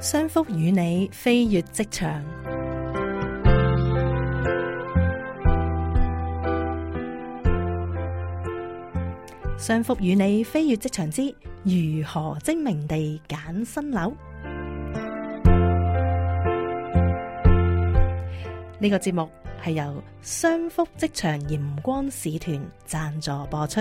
商福與你飛越職場，商福與你飛越職場之如何精明地揀新樓？呢、這個節目係由商福職場鹽光使團贊助播出。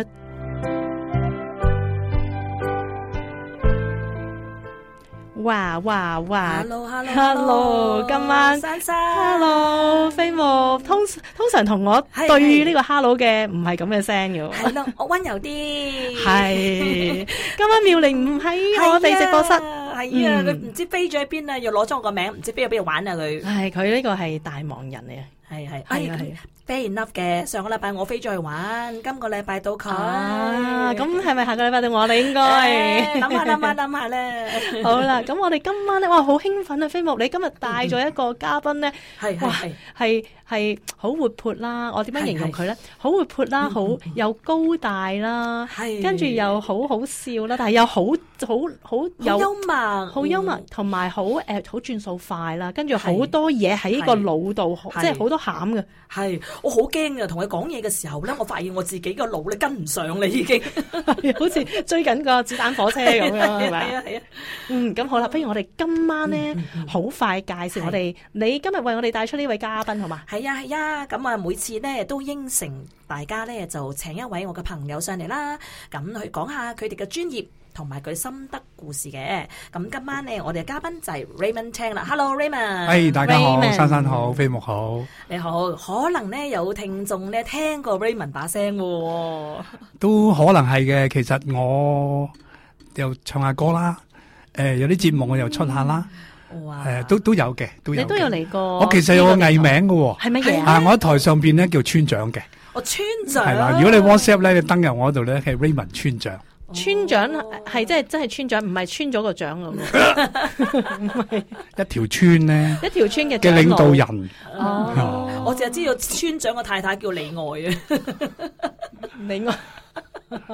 哇哇哇！Hello，Hello，Hello，Hello，今晚珊珊，Hello，飛牧通通常同我對於呢個 Hello 嘅唔係咁嘅聲嘅，係咯， 我溫柔啲。係， 今晚妙玲唔喺我哋直播室，係、嗯、啊，佢唔知飛咗喺邊啊，又攞咗我個名，唔知飛去邊度玩啊佢。係，佢呢個係大忙人嚟啊。係係、哎，哎 fair enough 嘅。上個禮拜我飛咗去玩，今個禮拜到佢。咁係咪下個禮拜到我哋應該諗、哎、下諗 下諗下咧。好啦，咁、嗯嗯、我哋今晚咧，哇，好興奮啊！飛牧，你今日帶咗一個嘉賓咧，係係係好活潑啦、啊。我點樣形容佢咧？好活潑啦、啊，好又高大啦、啊，係跟住又好好笑啦、啊。但係又好好好又幽、嗯、幽默，嗯、好幽默，同埋好誒好轉數快啦、啊。跟住好多嘢喺個腦度，是是即係好多。慘嘅，係我好驚啊。同佢講嘢嘅時候咧，我發現我自己個腦咧跟唔上啦，已經你 好似追緊個子彈火車咁咯，係 咪、啊啊啊？嗯，咁好啦，不如我哋今晚咧好、嗯、快介紹我哋、啊，你今日為我哋帶出呢位嘉賓，好嘛？係啊係啊，咁啊，啊每次咧都應承。大家咧就請一位我嘅朋友上嚟啦，咁去講下佢哋嘅專業同埋佢心得故事嘅。咁今晚咧，我哋嘅嘉賓就係 Raymond Tang 啦。Hello，Raymond，哎，大家好，珊珊好，飛牧好，你好。可能咧有聽眾咧聽過 Raymond 把聲喎，都可能係嘅。其實我又唱下歌啦，誒，有啲節目我又出下啦，誒，都都有嘅，都有。你都有嚟過。我其實有個藝名嘅，係乜嘢啊？我喺台上邊咧叫村長嘅。哦、村長係啦，如果你 WhatsApp 咧，你登入我度咧，係 Raymond 村長。村長係即係真係村長，唔係村咗個長嘅。唔 一條村咧， 一條村嘅嘅領，領導人。哦、oh. oh.，我淨係知道村長嘅太太叫李愛啊。李 愛理我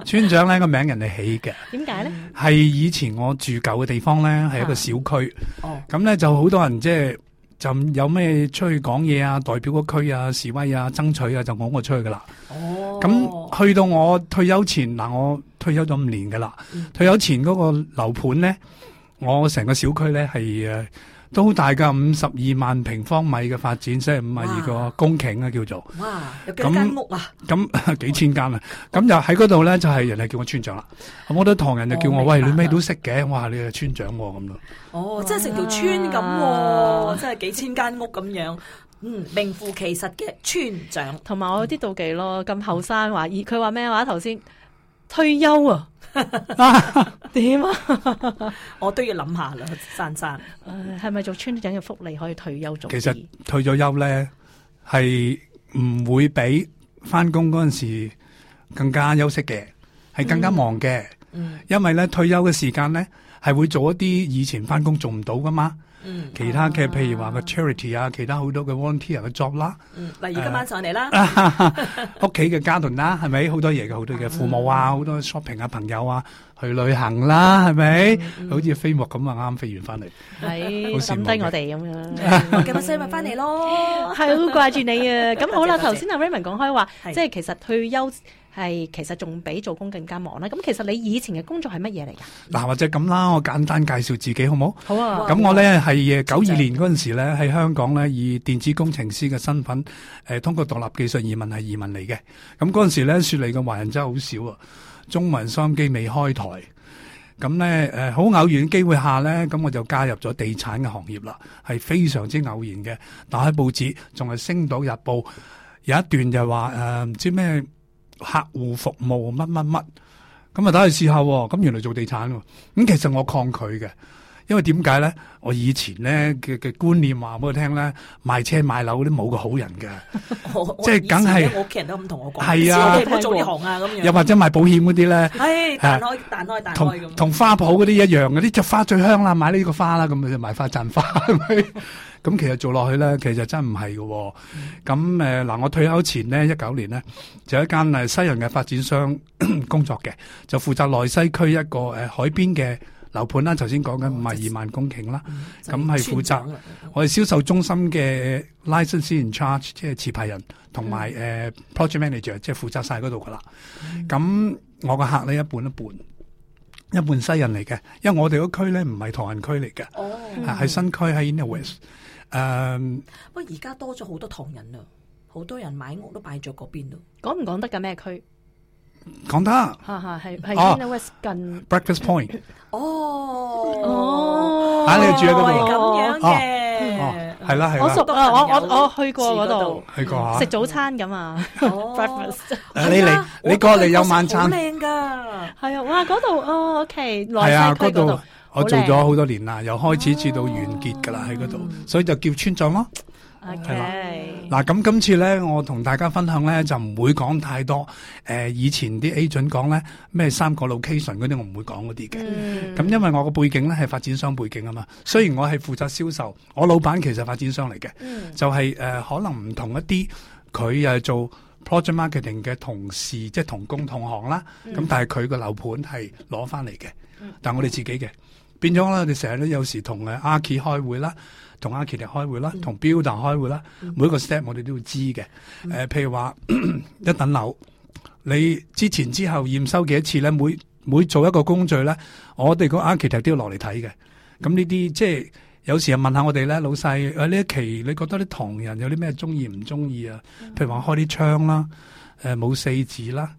村長咧個名人哋起嘅。點解咧？係以前我住舊嘅地方咧，係一個小區。哦、啊，咁、oh. 咧就好多人即係。就有咩出去講嘢啊，代表個區啊，示威啊，爭取啊，就講我出去噶啦。哦、oh.，咁去到我退休前嗱、啊，我退休咗五年噶啦。Mm. 退休前嗰個樓盤咧，我成個小區咧係誒。都大概五十二萬平方米嘅發展，即係五啊二個公頃啊，叫做。哇！有幾間屋啊？咁、嗯嗯、幾千間啊？咁、嗯嗯嗯、就喺嗰度咧，就係人哋叫我村長啦、嗯。我都唐人就叫我、哦、喂你咩都識嘅，哇！你係村長喎咁咯。哦，即係成條村咁、啊，即、啊、係幾千間屋咁樣，嗯，名副其實嘅村長。同埋我有啲妒忌咯，咁後生話，咦佢話咩話頭先退休啊？ 啊！點啊！ 我都要諗下啦，珊珊，係 咪、呃、做村長嘅福利可以退休做？其實退咗休咧，係唔會比翻工嗰陣時更加休息嘅，係更加忙嘅、嗯。因為咧退休嘅時間咧係會做一啲以前翻工做唔到噶嘛。嗯、其他嘅、嗯啊、譬如話個 charity 啊，其他好多嘅 volunteer 嘅 job 啦、啊。例、嗯、如今晚上嚟啦，屋企嘅家庭啦、啊，係咪好多嘢嘅？好多嘅、嗯、父母啊，好多 shopping 啊，朋友啊，去旅行啦、啊，係咪、嗯？好似飛牧咁啊，啱啱飛完翻嚟，好、哎、低我哋咁樣。咁、嗯、啊，所以咪翻嚟咯，係好掛住你啊。咁 好啦了，頭先阿 Raymond 講開話，即係其實去休。係其實仲比做工更加忙咧。咁其實你以前嘅工作係乜嘢嚟噶？嗱，或者咁啦，我簡單介紹自己好唔好？好啊！咁我呢係九二年嗰陣時呢喺香港呢，以電子工程師嘅身份，誒，通過獨立技術移民係移民嚟嘅。咁嗰陣時呢雪梨嘅華人真係好少啊，中文商機未開台。咁呢，誒，好偶然嘅機會下呢，咁我就加入咗地產嘅行業啦，係非常之偶然嘅。打開報紙，仲係《星島日報》，有一段就話誒，唔、呃、知咩。客戶服務乜乜乜咁啊！就打去試下，咁原來做地產，咁其實我抗拒嘅。因為點解咧？我以前咧嘅嘅觀念話俾我聽咧，賣車賣樓啲冇個好人嘅，即係梗係。我屋企人都咁同我講。係啊，做呢行啊，咁樣。又或者賣保險嗰啲咧，係彈開彈開彈開咁。同花圃嗰啲一樣嘅，啲隻花最香啦，買呢個花啦，咁樣就賣花讚花。咁其實做落去咧，其實真唔係嘅。咁誒，嗱，我退休前咧，一九年咧，就有一間誒西人嘅發展商工作嘅，就負責內西區一個誒海邊嘅。樓盤啦，頭先講緊唔係二萬公頃啦，咁、嗯、係負責我哋銷售中心嘅 license in charge，、嗯、即係持牌人同埋誒 project manager，、嗯、即係負責晒嗰度噶啦。咁、嗯、我個客咧一半一半，一半西人嚟嘅，因為我哋嗰區咧唔係唐人區嚟嘅，係、哦、新區，喺、嗯、inner west。誒 in、嗯，不過而家多咗好多唐人啊，好多人買屋都擺咗嗰邊咯。講唔講得㗎？咩區？講得，係、啊、係、啊、哦，West 近 Breakfast Point，哦哦、啊，你住喺係咁樣嘅，係啦係啦，我熟、啊我，我我我去過嗰度，去過食、嗯、早餐咁、哦、 啊，Breakfast， 是的 你嚟你過嚟有晚餐，靚噶，係啊，哇嗰度哦 OK，係啊嗰度我做咗好多年啦、哦，由開始至到完結噶啦喺嗰度，所以就叫村莊咯。係嗱，咁今次咧，我同大家分享咧就唔會講太多誒、呃、以前啲 agent 講咧咩三個 location 嗰啲，我唔會講嗰啲嘅。咁、mm-hmm. 因為我個背景咧係發展商背景啊嘛，雖然我係負責銷售，我老闆其實發展商嚟嘅，mm-hmm. 就係、是呃、可能唔同一啲佢係做 project marketing 嘅同事，即、就、係、是、同工同行啦。咁、mm-hmm. 但係佢個樓盤係攞翻嚟嘅，mm-hmm. 但係我哋自己嘅，變咗啦。我哋成日都有時同阿阿 K 開會啦。同 architect 開會啦，同、嗯、builder 開會啦、嗯，每一個 step 我哋都要知嘅。誒、嗯呃，譬如話 一等樓，你之前之後驗收幾多次咧？每每做一個工序咧，我哋個 architect 都要落嚟睇嘅。咁呢啲即係有時候問下我哋咧，老細，誒、呃、呢一期你覺得啲唐人有啲咩中意唔中意啊、嗯？譬如話開啲窗啦，誒、呃、冇四字啦，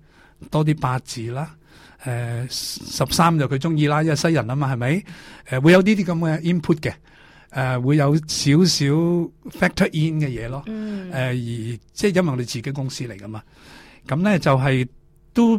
多啲八字啦，誒十三就佢中意啦，因為西人啊嘛，係咪？誒、呃、會有呢啲咁嘅 input 嘅。誒、呃、會有少少 factor in 嘅嘢咯，而即係因為我哋自己公司嚟噶嘛，咁咧就係、是、都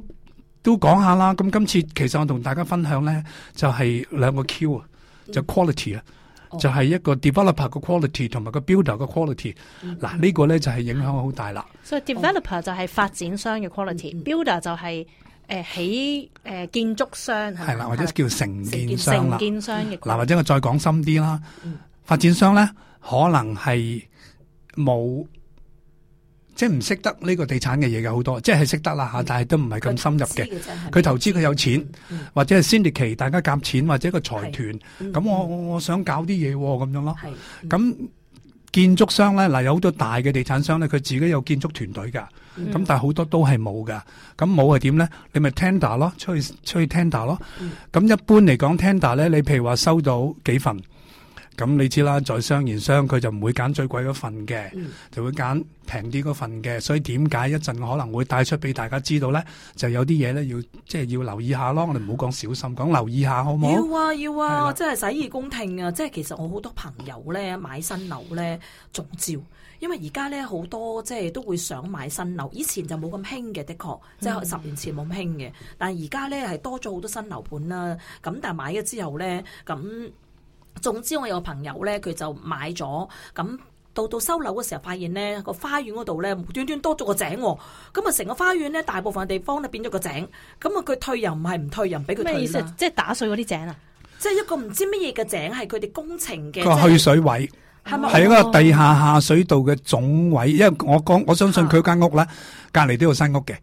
都講下啦。咁今次其實我同大家分享咧，就係、是、兩個 Q 啊、嗯，就是、quality 啊、嗯哦，就係、是、一個 developer 嘅 quality 同埋個 builder 嘅 quality、嗯。嗱、這個、呢個咧就係、是、影響好大啦、嗯。所以 developer 就係發展商嘅 quality，builder、嗯、就係、是。誒，喺誒，建築商係啦，或者叫承建商，承建商嘅。嗱，或者我再講深啲啦、嗯。發展商咧，可能係冇，即係唔識得呢個地產嘅嘢嘅好多，即係識得啦吓、嗯，但係都唔係咁深入嘅。佢投資佢有錢、嗯、錢，或者係先期大家夾錢，或者個財團。咁、嗯、我我我想搞啲嘢咁樣咯。咁、嗯、建築商咧，嗱，有好多大嘅地產商咧，佢自己有建築團隊噶。咁、嗯、但係好多都係冇噶，咁冇係點咧？你咪 tender 咯，出去出去 tender 咯。咁、嗯、一般嚟講 tender 咧，你譬如話收到幾份，咁你知啦，在商言商，佢就唔會揀最貴嗰份嘅、嗯，就會揀平啲嗰份嘅。所以點解一陣可能會帶出俾大家知道咧？就有啲嘢咧要即係要留意下咯。我哋唔好講小心，講留意下好冇？要啊要啊，即係洗耳恭聽啊！即係其實我好多朋友咧買新樓咧中招。因為而家咧好多即係都會想買新樓，以前就冇咁興嘅，的確即係十年前冇咁興嘅。但係而家咧係多咗好多新樓盤啦。咁但係買咗之後咧，咁總之我有個朋友咧，佢就買咗。咁到到收樓嘅時候，發現咧個花園嗰度咧，無端端多咗個井。咁啊，成個花園咧，大部分嘅地方咧變咗個井。咁啊，佢退又唔係唔退，又唔俾佢退啦。咩意思？即係打碎嗰啲井啊！即係一個唔知乜嘢嘅井，係佢哋工程嘅去水位。係、哦、一、那個地下下水道嘅總位，因為我講，我相信佢間屋咧隔籬都有新屋嘅，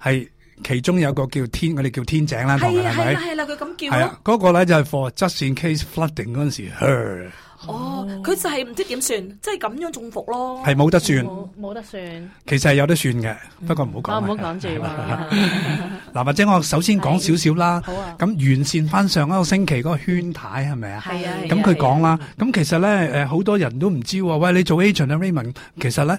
係其中有個叫天，我哋叫天井啦，係咪？係啦，係啦，佢咁叫咯。嗰、那個咧就係 for just in case flooding 嗰陣時。哦，佢、哦、就係唔知點算，即係咁樣中伏咯，係冇得算，冇得算。其實係有得算嘅、嗯，不過唔好講。唔好講住嗱， 或者我首先講少少啦。好啊。咁完善翻上一個星期嗰個圈態係咪啊？係啊。咁佢講啦。咁、啊啊啊啊、其實咧，誒，好多人都唔知喎。喂，你做 agent 啊，Raymond？其實咧。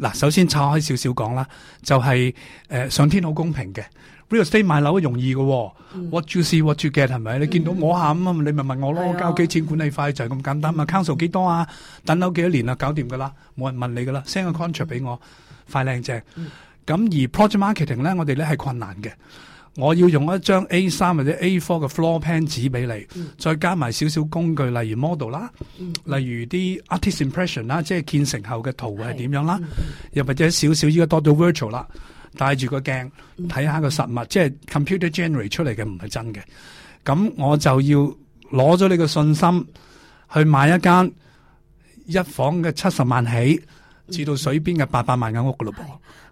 嗱，首先岔開少少講啦，就係、是呃、上天好公平嘅，real estate 買樓都容易嘅、嗯、，what you see what you get 係咪、嗯？你見到我喊啊，你咪問我咯，嗯、交幾錢管理費就係咁簡單，咪、嗯、council 幾多啊、嗯？等樓幾多年啊？搞掂㗎啦，冇人問你㗎啦，send 個 contract 俾我，嗯、快靚正。咁、嗯、而 project marketing 咧，我哋咧係困難嘅。我要用一張 A 3或者 A 4嘅 floor plan 紙俾你、嗯，再加埋少少工具，例如 model 啦、嗯，例如啲 artist impression 啦，即係建成後嘅圖係點樣啦、嗯，又或者少少依家多咗 virtual 啦，戴住個鏡睇下個實物，嗯、即係 computer generate 出嚟嘅唔係真嘅，咁我就要攞咗你個信心去買一間一房嘅七十萬起、嗯、至到水邊嘅八百萬嘅屋噶咯噃。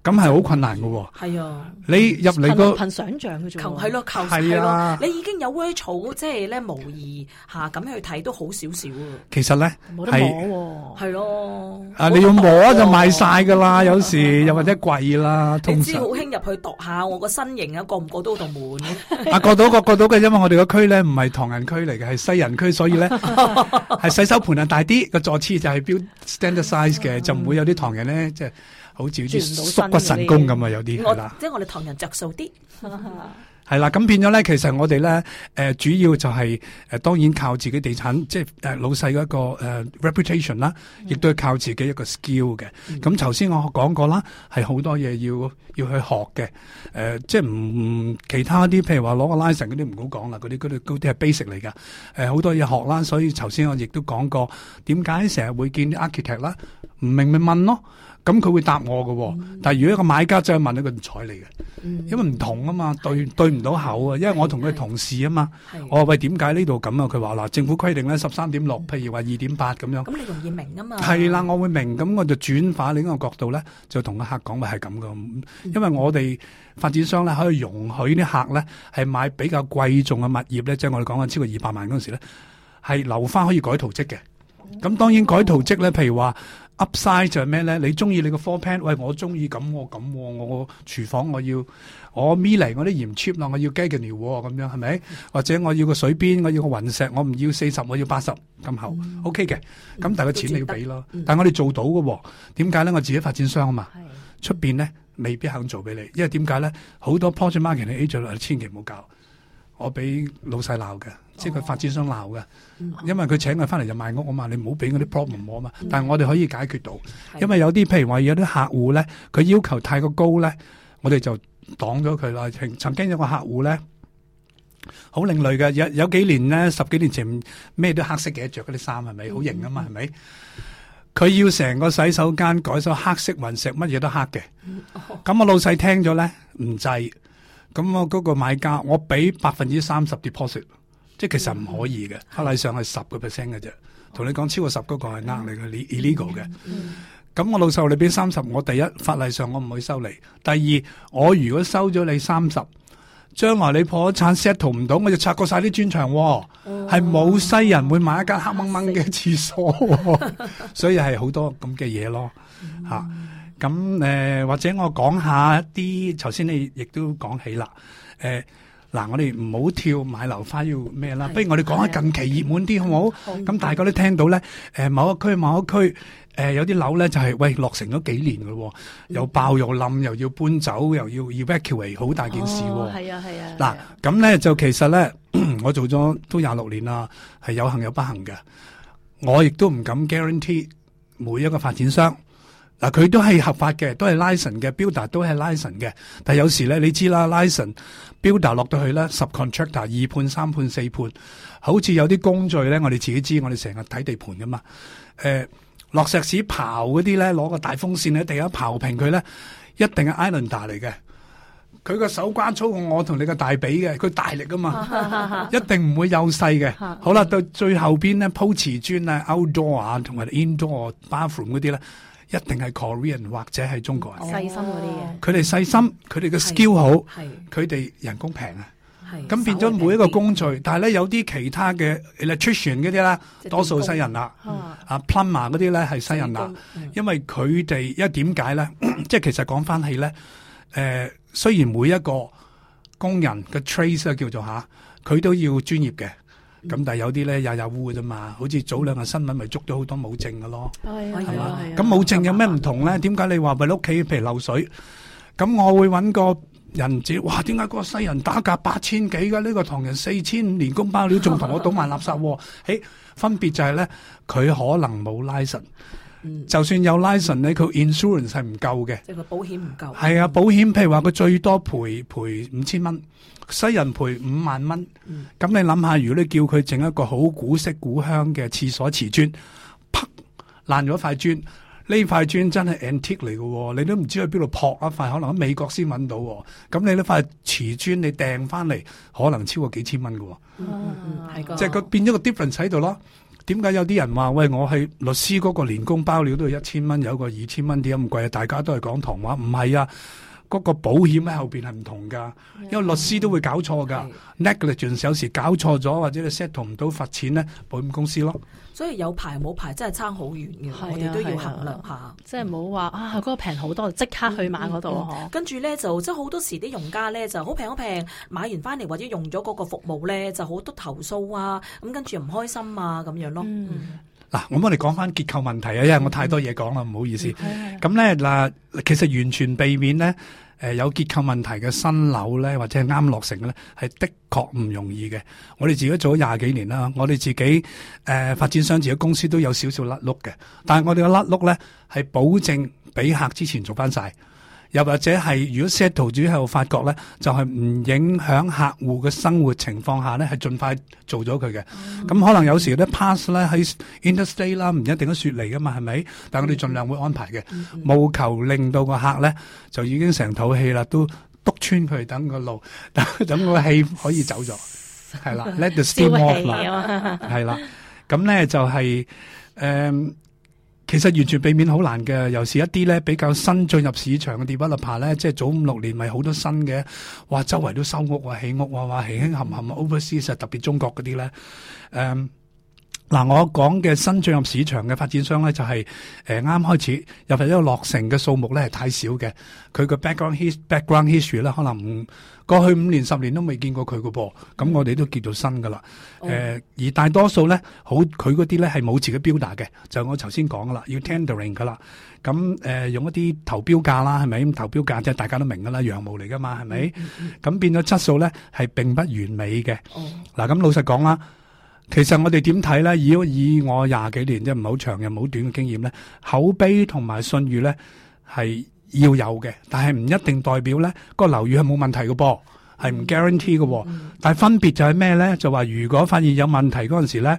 咁係好困難噶喎、哦，係啊，你入嚟、那個憑想象嘅啫，係咯、啊，求係咯、啊啊，你已經有 virtual，即係咧模擬吓咁去睇都好少少其實咧，冇得摸、啊，係咯，啊，啊，你要摸就賣晒噶啦，有時又、啊、或者貴啦、啊，通常。你知好興入去度下，我個身形 過過啊， 啊，過唔過到度門啊，過到過過到嘅，因為我哋個區咧唔係唐人區嚟嘅，係西人區，所以咧係洗手盆啊大啲，個座廁就係 standard size 嘅，就唔會有啲唐人咧、嗯、即係。好似啲縮骨神功咁啊！有啲係啦，即係我哋唐人着數啲係啦。咁變咗咧，其實我哋咧誒主要就係、是、誒、呃、當然靠自己地產，即係誒、呃、老細嗰個誒、呃、reputation 啦，亦、嗯、都係靠自己一個 skill 嘅。咁頭先我講過啦，係好多嘢要要去學嘅誒、呃，即係唔其他啲，譬如話攞個 license 嗰啲唔好講啦，嗰啲嗰啲啲係 basic 嚟噶誒，好、呃、多嘢學啦。所以頭先我亦都講過點解成日會見啲 architect 啦，唔明咪問咯。咁佢會答我嘅、哦嗯，但係如果一個買家再問咧，佢唔睬你嘅、嗯，因為唔同啊嘛，對對唔到口啊，因為我同佢同事啊嘛。我話喂，點解呢度咁啊？佢話嗱，政府規定咧十三點六、嗯，譬如話二點八咁樣。咁你容易明啊嘛。係啦，我會明，咁我就轉化另一個角度咧，就同個客講話係咁㗎。因為我哋發展商咧可以容許啲客咧係買比較貴重嘅物業咧，即、就、係、是、我哋講緊超過二百萬嗰時時咧，係留翻可以改圖則嘅。咁、哦、當然改圖則咧、哦，譬如話。Upside 就係咩咧？你中意你個 floor plan，喂，我中意咁我咁、啊、我廚房我要我米嚟我啲鹽 cheap 咯，我要雞腳尿咁樣係咪、嗯？或者我要個水邊，我要個雲石，我唔要四十，我要八十咁厚，OK 嘅。咁但係個錢你要俾咯。但係我哋做到嘅喎，點解咧？我自己發展商啊嘛，出面咧未必肯做俾你，因為點解咧？好多 project market 嘅 agent 千祈唔好搞，我俾老細鬧嘅。即係佢發展商鬧㗎，因為佢請佢翻嚟就賣屋啊嘛，你唔好俾嗰啲 problem 我啊嘛。但係我哋可以解決到，因為有啲譬如話有啲客戶咧，佢要求太過高咧，我哋就擋咗佢啦。曾曾經有個客戶咧，好另類嘅，有有幾年咧，十幾年前咩都黑色嘅，著嗰啲衫係咪好型啊嘛係咪？佢要成個洗手間改咗黑色雲石，乜嘢都黑嘅。咁我老細聽咗咧唔制，咁我嗰個買家我俾百分之三十 deposit。即係其實唔可以嘅、嗯，法例上係十個 percent 嘅啫。同、哦、你講超過十嗰個係呃你嘅，illegal 嘅。咁、嗯嗯、我老實話你畀三十，我第一法例上我唔會收你，第二我如果收咗你三十，將來你破咗產 settle 唔到，我就拆過晒啲磚牆。係、哦、冇西人會買一間黑掹掹嘅廁所、哦， 所以係好多咁嘅嘢咯。吓咁誒，或者我講下一啲，頭先你亦都講起啦，誒、呃。嗱，我哋唔好跳買樓花要咩啦、啊，不如我哋講下近期熱門啲好唔好？咁、啊、大家都聽到咧，誒、呃，某一區某一區，誒、呃，有啲樓咧就係、是、喂落成咗幾年噶、喔嗯，又爆又冧，又要搬走，又要 evacuate 好大件事、喔。係啊係啊。嗱、啊，咁咧、啊、就其實咧， 我做咗都廿六年啦，係有幸有不幸嘅。我亦都唔敢 guarantee 每一個發展商，嗱，佢都係合法嘅，都係 license 嘅 builder，都係 license 嘅，但有時咧，你知啦，license。builder 落到去咧，subcontractor 二判三判四判，好似有啲工序咧，我哋自己知道，我哋成日睇地盤噶嘛。誒、呃，落石屎刨嗰啲咧，攞個大風扇喺地下刨平佢咧，一定係 Islander 嚟嘅。佢個手關操控我同你個大髀嘅，佢大力㗎嘛， 一定唔會幼細嘅。好啦，到最後邊咧鋪瓷磚啊，outdoor 啊同埋 indoor bathroom 嗰啲咧。一定係 Korean 或者係中國人，細心啲嘢。佢哋細心，佢哋嘅 skill 好，佢哋人工平啊。咁變咗每一個工序，但係咧有啲其他嘅，electrician 嗰啲啦，多數西人啦、啊嗯，啊 plumber 嗰啲咧係西人啦、啊嗯，因為佢哋因為點解咧，即係其實講翻起咧，誒、呃、雖然每一個工人嘅 trace 啊叫做嚇，佢、啊、都要專業嘅。咁但係有啲咧，日日烏嘅啫嘛，好似早兩日新聞咪捉咗好多冇證嘅咯，係嘛？咁冇證有咩唔同咧？點解你話為屋企譬如漏水，咁我會揾個人接。哇！點解嗰個西人打價八千幾嘅呢個唐人四千五年工包料，仲同我倒埋垃圾喎？嘿，分別就係咧，佢可能冇拉神。 就算有 license，佢、嗯、insurance 係唔夠嘅，即係個保險唔夠。係啊，嗯、保險譬如話佢最多賠賠五千蚊，西人賠五萬蚊。咁、嗯、你諗下，如果你叫佢整一個好古色古香嘅廁所瓷磚，啪爛咗塊磚，呢塊磚真係 antique 嚟嘅，哦，你都唔知去邊度撲一塊，可能喺美國先搵到，哦。咁你呢塊瓷磚你掟翻嚟，可能超過幾千蚊嘅，哦。喎、啊。係即係佢變咗個 difference 喺度咯。點解有啲人話，喂，我係律師嗰個年工包料都要一千蚊，有一個二千蚊點咁貴啊？大家都係講唐話。唔係啊，嗰個保險喺後邊係唔同噶，因為律師都會搞錯噶，mm-hmm，negligence 有時搞錯咗或者你 settle 唔到罰錢咧，保險公司咯。所以有排冇排真係差好遠嘅，我哋都要衡量下，即係唔好話啊，嗰、啊嗯啊嗰個平好多即、嗯、刻去買嗰度、嗯嗯嗯嗯，跟住咧就即係好多時啲用家咧就好平好平，買完翻嚟，或者用咗嗰個服務咧就好多投訴啊，咁跟住唔開心啊咁樣咯。嗱、嗯嗯啊，我我哋講翻結構問題啊，因為我太多嘢講啦，唔、嗯、好意思。咁咧嗱，其實完全避免咧。誒、呃、有結構問題嘅新樓咧，或者係啱落成嘅咧，係的確唔容易嘅。我哋自己做咗廿幾年啦，我哋自己誒、呃、發展商自己的公司都有少少甩碌嘅，但係我哋嘅甩碌咧係保證俾客之前做翻晒。又或者係如果 settle 住喺度發覺咧，就係唔影響客戶嘅生活情況下咧，係盡快做咗佢嘅。咁可能有時咧 pass 咧喺 interstate 啦，唔一定都雪梨㗎嘛，係咪？但係我哋盡量會安排嘅，務求令到個客咧就已經成肚氣啦，都篤穿佢等個路，等個氣可以走咗，係啦。Let the steam off 啦，係啦。咁咧就係誒。其實完全避免好難嘅，尤其是一啲咧比較新進入市場嘅 developer 咧，即係早五六年咪好多新嘅，哇周圍都收屋啊、起屋啊，哇輕輕冚冚 overseas 特別中國嗰啲咧，um, 嗱，我講嘅新進入市場嘅發展商咧，就係、是、啱、呃、開始，又係一個落成嘅數目咧係太少嘅，佢個 background history background history 咧可能唔過去五年十年都未見過佢個噃，咁我哋都叫做新噶啦。誒、嗯呃，而大多數咧，好佢嗰啲咧係冇自己 builder 嘅，就我頭先講噶啦，要 tendering 噶啦，咁誒、呃、用一啲投標價啦，係咪咁投標價即係大家都明噶啦，羊毛嚟噶嘛，係咪？咁、嗯嗯、變咗質素咧係並不完美嘅。嗱、嗯，咁老實講啦。其實我哋點睇呢？以、以我廿幾年即唔係好長又唔好短嘅經驗呢，口碑同埋信譽呢係要有嘅，但係唔一定代表呢個樓宇係冇問題嘅噃，係唔 guarantee 嘅。但係分別就係咩呢？就話如果發現有問題嗰陣時呢，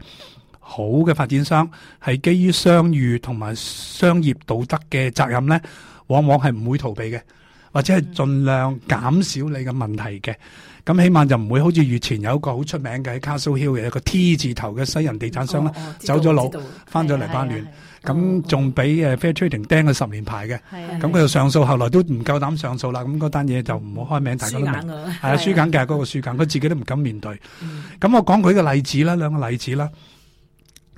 好嘅發展商係基於商譽同埋商業道德嘅責任呢，往往係唔會逃避嘅，或者係盡量減少你嘅問題嘅。咁起碼就唔會好似月前有一個好出名嘅喺 Castle Hill 嘅一個 T 字頭嘅西人地產商啦，走咗路，翻咗黎巴嫩，咁仲俾 Fair Trading 釘咗十年牌嘅，咁佢又上訴、啊，後來都唔夠膽上訴啦，咁嗰單嘢就唔好開名，大家都明，係啊，輸緊架嗰個輸緊，佢、啊、自己都唔敢面對。咁、啊、我講佢個例子啦，兩個例子啦。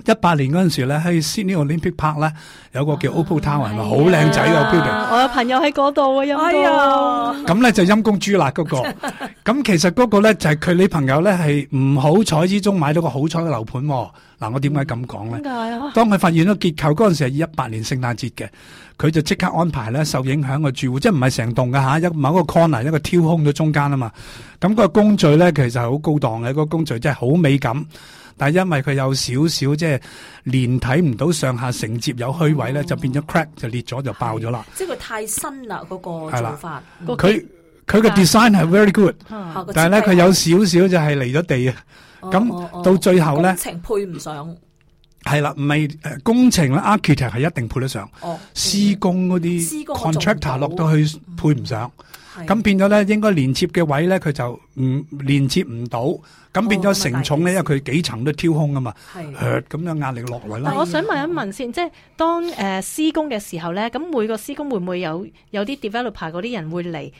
Park, 一八年嗰陣時咧喺 Sydney Olympic Park 咧有個叫 Opal Tower 係咪好靚仔啊 building？、Yeah, 我有朋友喺嗰度啊，哎呀，咁咧就陰公豬辣嗰個，咁其實嗰個咧就係佢女朋友咧係唔好彩之中買到個好彩嘅樓盤。嗱、啊，我點解咁講咧？當佢發現咗結構嗰陣時，係一八年聖誕節嘅，佢就即刻安排咧受影響嘅住戶，即係唔係成棟嘅吓、啊，一某一個 corner 一個挑空咗中間啦嘛。咁、啊嗯個工序咧其實係好高檔嘅，個工序真係好美感。但係因為佢有少少即係連睇唔到上下承接有虛位咧、哦，就變咗 crack 就裂咗就爆咗啦。即係佢太新啦嗰、個做法。佢佢嘅 design 係 very good，但係咧佢有少少就係離咗地啊。咁到最後咧，工程配唔上，係啦，唔係誒工程咧，architect 係一定配得上，施工嗰啲 contractor 落到去配唔上，咁變咗咧，應該連接嘅位咧佢就唔連接唔到，咁變咗承重咧，因為佢幾層都挑空啊嘛，係咁樣壓力落來啦。但係我想問一問先，即係當誒施工嘅時候咧，咁每個施工會唔會有有啲 developer 嗰啲人會嚟？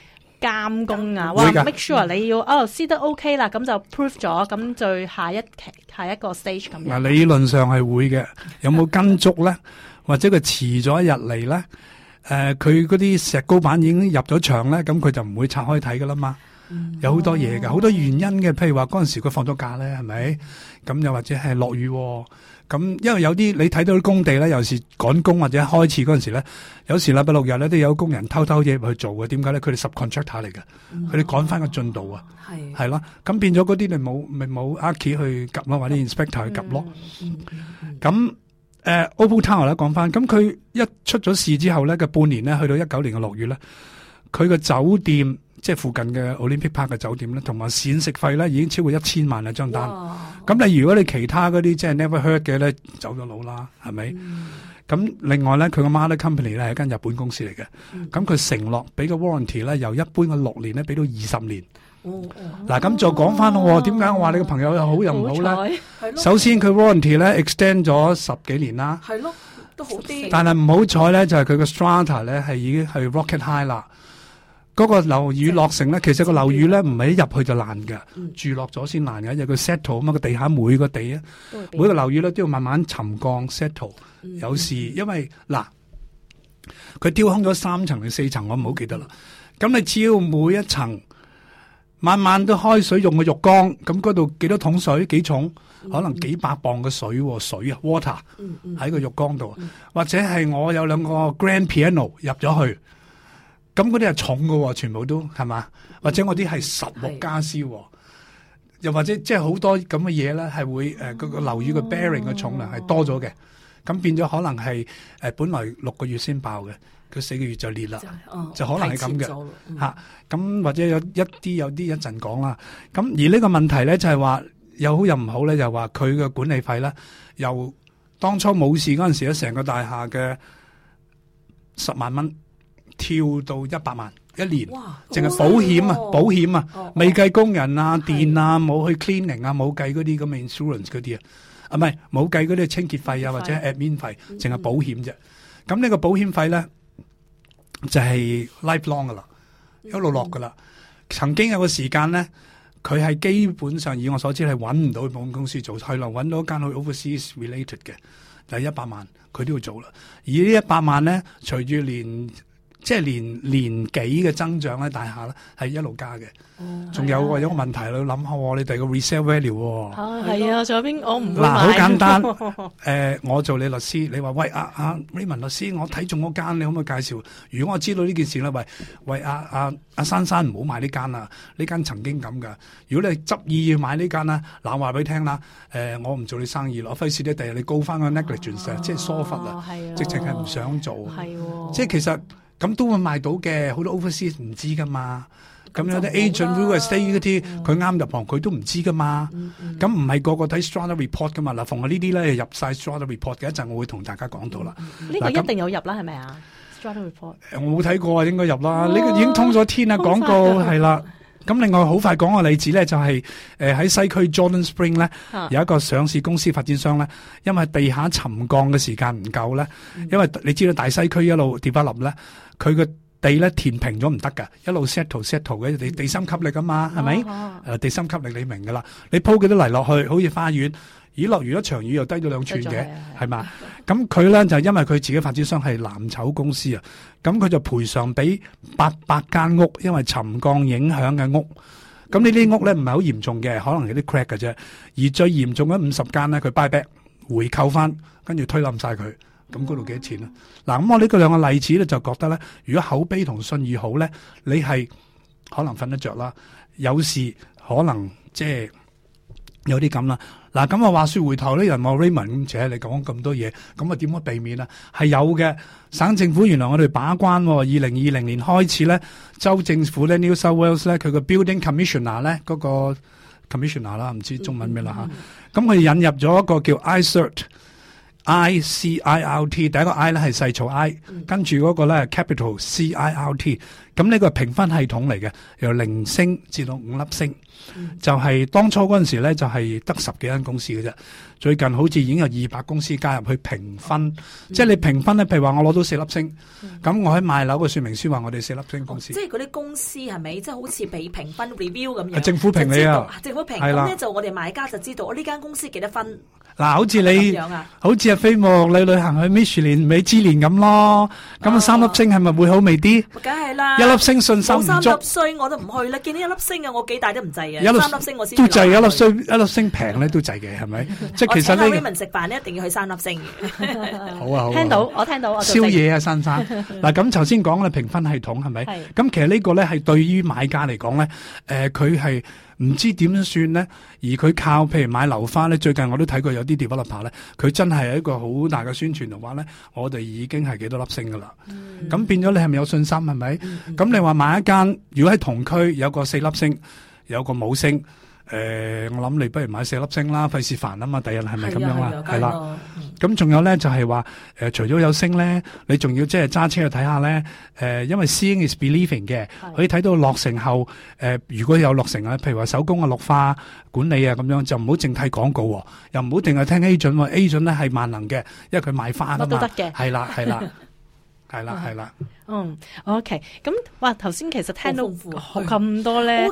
監工啊，哇！Make sure 你要哦，撕得 OK 啦，咁就 proof 咗，咁就下一期、下一個 stage 咁樣。理論上係會嘅，有冇跟足咧？ 或者佢遲咗一日嚟咧？誒、呃，佢嗰啲石膏板已經入咗場咧，咁佢就唔會拆開睇噶啦嘛。嗯、有好多嘢㗎，好多原因嘅。譬如話嗰陣時佢放咗假咧，係咪？咁又或者係落雨。咁因為有啲你睇到啲工地咧，又是趕工或者開始嗰陣時咧，有時禮拜六日咧都有工人偷偷嘢去做嘅。點解咧？佢哋 subcontractor 嚟嘅，佢、哦、哋趕翻個進度啊，係咯。咁變咗嗰啲，咪冇咪冇 archie 去及咯，或者 inspector 去及咯。咁 Opal Tower 咧講翻，咁佢、呃嗯、一出咗事之後咧，個半年咧去到一九年嘅六月咧，佢嘅酒店。即係附近嘅 Olympic Park 嘅酒店咧，同埋膳食費咧已經超過一千萬啦張單。咁你如果你其他嗰啲即係 Never Hurt 嘅咧，走咗佬啦，係咪？咁、嗯、另外咧，佢個 Mother Company 咧係間日本公司嚟嘅。咁、嗯、佢承諾俾個 Warranty 咧由一般嘅六年咧俾到二十年。嗱、哦、咁、哦啊、再講翻咯，點、哦、解我話你個朋友又好又唔好咧？首先佢 Warranty 咧 extend 咗十幾年啦。係咯，都好啲。但係唔好彩咧，就係佢個 Strata 咧係已經去 Rocket High 啦。嗰個樓宇落成咧，其實個樓宇咧唔係一入去就爛嘅，住落咗先爛嘅，有個 settle 啊嘛，個地下每個地啊，每個樓宇咧都要慢慢沉降 settle。有時因為嗱，佢丟空咗三層定四層，我唔好記得啦。咁你只要每一層，慢慢都開水用個浴缸，咁嗰度幾多桶水幾重？可能幾百磅嘅水喎，水啊 water 喺個浴缸度，或者係我有兩個 grand piano 入咗去。咁嗰啲係重㗎喎，全部都係嘛、嗯？或者嗰啲係實木家私，又或者即係好多咁嘅嘢咧，係會嗰個樓宇嘅 bearing 嘅重量係多咗嘅，咁、哦、變咗可能係本來六個月先爆嘅，佢四個月就裂啦、就是哦，就可能係咁嘅嚇。咁、嗯啊、或者有一啲有啲一陣講啦。咁而呢個問題咧就係話有好又唔好咧，就話佢嘅管理費呢，由當初冇事嗰陣時咧，成個大廈嘅十萬蚊。跳到一百萬一年，淨係保險啊，啊，保險啊，哦、未計工人啊、哦、電啊，冇去 cleaning 啊，冇計嗰啲咁嘅 insurance 嗰啲啊，啊唔係冇計嗰啲清潔費啊或者 admin 費，淨係保險啫。咁、嗯、呢、嗯、個保險費咧就係、是、lifelong 噶啦，一路落噶啦。曾經有個時間咧，佢係基本上以我所知係搵唔到去保險公司做，佢能搵到一間去 overseas related 嘅，就一、是、百萬，佢都要做啦。而這呢一百萬咧，隨住年。即係年年幾嘅增長咧，大廈咧，係一路加嘅。仲、嗯、有個、啊、有個問題你要諗下喎，你二個 resale value 喎、哦。啊，係啊，左邊我唔嗱，好、啊、簡單 、呃。我做你律師，你話喂阿啊，啊 Raymond 律師，我睇中嗰間，你可唔可以介紹？如果我知道呢件事咧，喂喂阿啊阿、啊啊、珊珊，唔好買呢間啦，呢間曾經咁噶。如果你執意要買呢間啦，嗱話俾你聽啦、呃。我唔做你生意咯，費事你第日你告翻個 negligence，即係疏忽啊，即啊啊啊直情係唔想做。係喎、啊啊，即係其實。咁都會賣到嘅，好多 overseas 唔知噶嘛，咁有啲 agent will stay 嗰啲，佢、嗯、啱入行佢都唔知噶嘛，咁唔係個個睇 strata report 噶嘛，嗱，逢我呢啲咧入晒 strata report 嘅，一陣我會同大家講到啦。呢、嗯這個一定有入啦，係咪啊？strata report 我冇睇過，應該入啦。這個已經通咗天啦，廣告係啦。咁另外好快講個例子咧，就係誒喺西區 Jordan Spring 咧，有一個上市公司發展商咧，因為地下沉降嘅時間唔夠咧，因為你知道大西區一路跌翻落咧，佢個地咧填平咗唔得噶，一路 settle settle 嘅地心吸力噶嘛，係咪？誒地心吸力你明噶啦，你鋪幾多泥落去，好似花園。咦落完一場雨又低咗兩寸嘅，係嘛？咁佢咧就因為佢自己發展商係藍籌公司啊，咁佢就賠償俾八百間屋，因為沉降影響嘅屋。咁呢啲屋咧唔係好嚴重嘅，可能有啲 crack 嘅啫。而最嚴重嘅五十間咧，佢 buy back 回購翻，跟住推冧晒佢。咁嗰度幾多錢？yeah. 啊？嗱，咁我呢個兩個例子咧，就覺得咧，如果口碑同信譽好咧，你係可能瞓得着啦。有時可能即係。有啲咁啦，嗱咁啊話說回頭呢人話 Raymond 咁扯你講咁多嘢，咁啊點樣避免啊？係有嘅，省政府原來我哋把關喎、哦。二零二零年開始咧，州政府咧 New South Wales 咧，佢個 Building Commissioner 咧嗰、那個 Commissioner 啦，唔知中文咩啦嚇，咁、嗯、佢、嗯啊、引入咗一個叫 iCIRT iCIRT，第一個 I 呢係細草 I，跟住嗰個呢係 capital CIRT，咁呢個係評分系統嚟嘅，由零星至到五粒星，就係當初嗰陣時呢，就係得十幾間公司嘅啫，最近好似已經有二百公司加入去評分，即係你評分呢，譬如話我攞到四粒星，咁我喺賣樓個說明書話我哋四粒星公司，即係嗰啲公司，係咪，即係好似被評分 review 咁樣，政府評你呀，政府評分呢，就我哋買家就知道我呢間公司幾多分，好似你，飛牧，你旅行去 Michelin、米芝蓮咁咯，咁三粒星係咪會好味啲？梗係啦，一粒星信心唔足。冇三粒星我都唔去啦，見到一粒星啊，我幾大都唔制嘅。有三粒星我先都制，一粒星一粒星平咧都制嘅，係咪？即係其實咧。我哋阿 Raymond 食飯咧，一定要去三粒星。好啊好啊。聽到我聽到。宵夜啊，珊珊。嗱，咁頭先講咧評分系統係咪？咁其實呢個咧係對於買家嚟講咧，誒佢係。唔知點樣算呢？而佢靠譬如買樓花呢，最近我都睇過有啲 developer 呢。佢真係一個好大嘅宣傳同話呢，我哋已經係幾多粒星噶啦。咁、嗯、變咗你係咪有信心？係咪？咁、嗯、你話買一間，如果喺同區有個四粒星，有個冇星，誒、呃，我諗你不如買四粒星啦，費事煩啊嘛。第日係咪咁樣啊？係啦。咁仲有咧，就係話除咗有聲咧，你仲要即係揸車去睇下咧。誒、呃，因為 seeing is believing 嘅，可以睇到落成後誒、呃，如果有落成譬如話手工嘅綠化管理啊咁樣，就唔好淨睇廣告，哦，又唔好淨係聽 agent agent 咧係萬能嘅，因為佢賣返都得嘅。係啦，係啦，係 啦，係啦。嗯 um，OK。咁哇，頭先其實聽到咁多咧，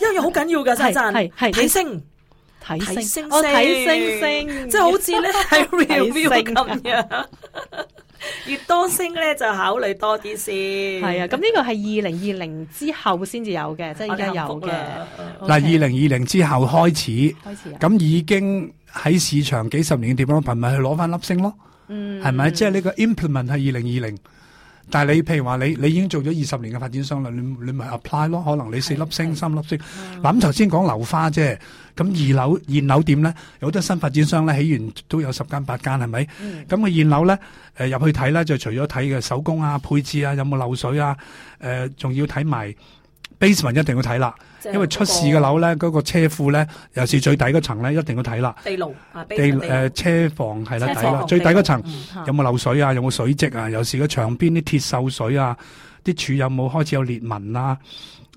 一樣好緊要嘅，真真睇聲。睇星、哦、星星，睇 星星，即係好似咧睇 review 咁樣， 越多星咧就考慮多啲先。係啊，咁呢個係二零二零之後先至有嘅。 即係而家有嘅。嗱，二零二零之後開始，開始咁、啊、已經喺市場幾十年嘅地方，頻，咪去攞翻粒星咯。嗯，係咪、嗯？即係呢個 implement 係二零二零。但係你譬如話你你已經做咗二十年嘅發展商啦，你你咪 apply 咯，可能你四粒星三粒星。嗱，咁頭先講樓花啫，咁二樓現樓店咧，有好多新發展商咧起完都有十間八間係咪？咁、嗯，那個現樓咧，入、呃、去睇咧就除咗睇嘅手工啊、配置啊、有冇漏水啊，誒、呃、仲要睇埋。Basement 一定要睇啦，因為出事嘅樓咧，嗰、那個車庫咧又是最底嗰層咧，一定要睇啦。地牢啊，地、呃、誒，車房係啦，底啦，最底嗰層有冇漏水啊？有冇水漬啊？又是個牆邊啲鐵鏽水啊？啲柱有冇開始有裂紋啊？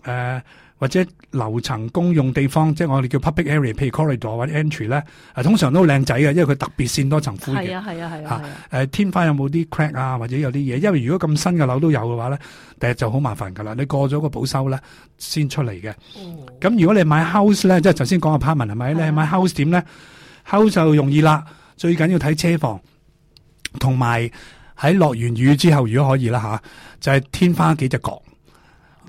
呃或者樓層公用地方，即係我哋叫 public area，譬如 corridor 或者 entry 咧、啊啊，通常都靚仔嘅，因為佢特別線多層灰嘅、啊啊啊啊。啊係啊係啊，天花有冇啲 crack 啊，或者有啲嘢？因為如果咁新嘅樓都有嘅話咧，第日就好麻煩㗎啦。你過咗個保修咧，先出嚟嘅。咁、嗯、如果你買 house 咧，即係頭先講嘅 apartment 係咪？你、啊、買 house 點咧？house 就容易啦，最緊要睇車房，同埋喺落完雨之後，如果可以啦嚇、啊，就係、是、天花幾隻角。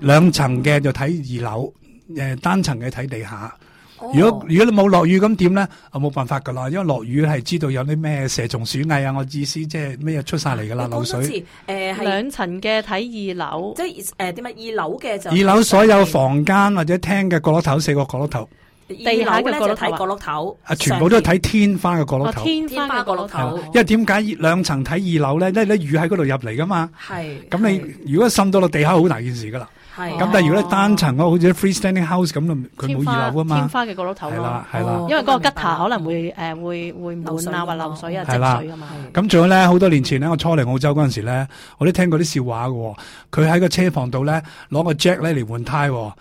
兩層嘅就睇二樓，誒、嗯、單層嘅睇地下。哦、如果如果你冇落雨咁點咧，我冇辦法噶啦，因為落雨係知道有啲咩蛇蟲鼠蟻啊。我意思即係咩嘢出晒嚟噶啦，漏水。誒，兩層嘅睇二樓，即係誒點乜二樓嘅就是、二樓所有房間或者廳嘅角落頭四個角落頭，地下咧就睇角落頭。角落頭啊，全部都係睇天花嘅角、哦、角落頭。天花嘅角落頭。因為點解兩層睇二樓咧？因為咧雨喺嗰度入嚟噶嘛。係。咁你如果滲到落地下，好大件事噶啦。咁，但係如果單層嗰，好似 free standing house 咁佢冇二樓啊嘛。天花嘅個落頭咯、啊，啦係啦、哦，因為嗰個吉 u 可能會誒會會滿啊或流水啊係水啊嘛。咁仲有咧，好多年前咧，我初嚟澳洲嗰陣時咧，我都聽過啲笑話嘅、哦。佢喺個車房度咧，攞個 jack 咧嚟換胎、哦，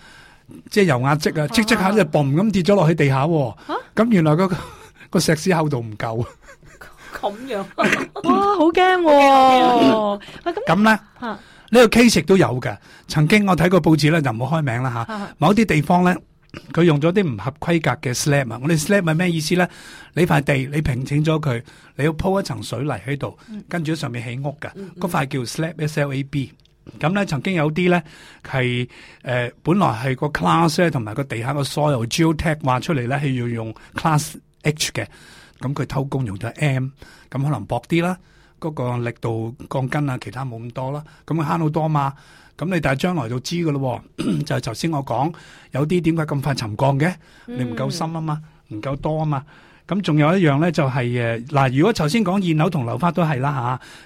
即係油壓積啊，啊，唧唧下就嘣咁跌咗落去地下。喎。咁原來嗰、那個石屎厚度唔夠。咁樣、啊、 哇，好驚喎！咁咁咧吓。啊呢、這個 case 都有嘅，曾經我睇過報紙咧，就唔好開名啦嚇。 某啲地方咧，佢用咗啲唔合規格嘅 slab 啊。我哋 slab 係咩意思咧？你塊地你平整咗佢，你要鋪一層水泥喺度、嗯，跟住喺上面起屋嘅。嗰、嗯嗯、塊叫 slab，slab SLAB。咁咧曾經有啲咧係誒，本來係個 class 咧，同埋個地下個 soil geotech 挖出嚟咧係要用 class H 嘅，咁佢偷工用咗 M，咁可能薄啲啦。嗰個力度降筋啊，其他冇咁多啦，咁慳好多嘛。咁你但係將來就知喇咯，就係頭先我講有啲點解咁快沉降嘅，你唔夠深啊嘛，唔、嗯、夠多啊嘛。咁仲有一樣咧，就係、是、嗱，如果頭先講二樓同樓花都係啦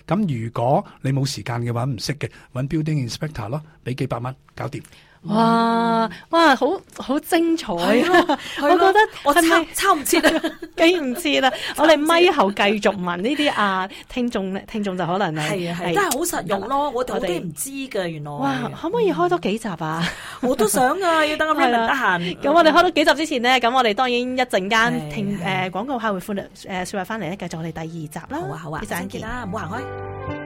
吓。咁、啊、如果你冇時間嘅話，唔識嘅搵 building inspector 咯，俾幾百蚊搞掂。哇哇，好好精彩啊！我覺得我抄抄唔切啊，記唔切啦。我哋咪後繼續問呢啲啊，聽眾咧，聽眾就可能係係真係好實用咯。我哋我都唔知噶原來。哇，可唔可以開多幾集啊？嗯、我都想啊，要等阿 Raymond 得閒。咁、嗯、我哋開多幾集之前呢，咁我哋當然一陣間聽誒廣、呃、告後會翻嚟誒說話翻嚟咧，繼續我哋第二集啦。好啊好啊，一陣見啦，唔好行開。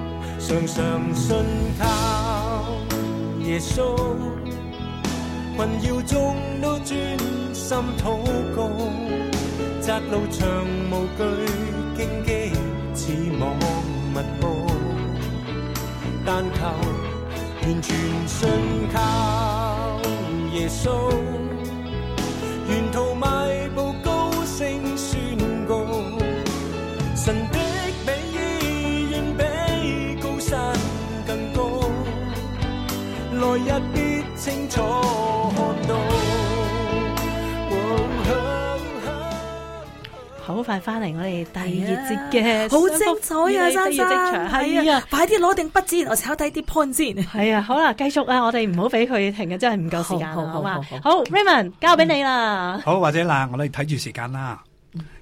常常信靠耶穌，困擾中都專心禱告，窄路長無懼荊棘，似網密布，但求完全信靠耶穌。好快翻嚟，我哋第二節嘅好精彩啊！珊珊，係啊，快啲攞定筆紙，我抄低啲 point 先。點點。係啊，好啦，繼續啊，我哋唔好俾佢停啊，真係唔夠時間好，好嘛？好，好，好，好，好，Raymond，交俾你啦。好，或者嗱，我哋睇住時間啦。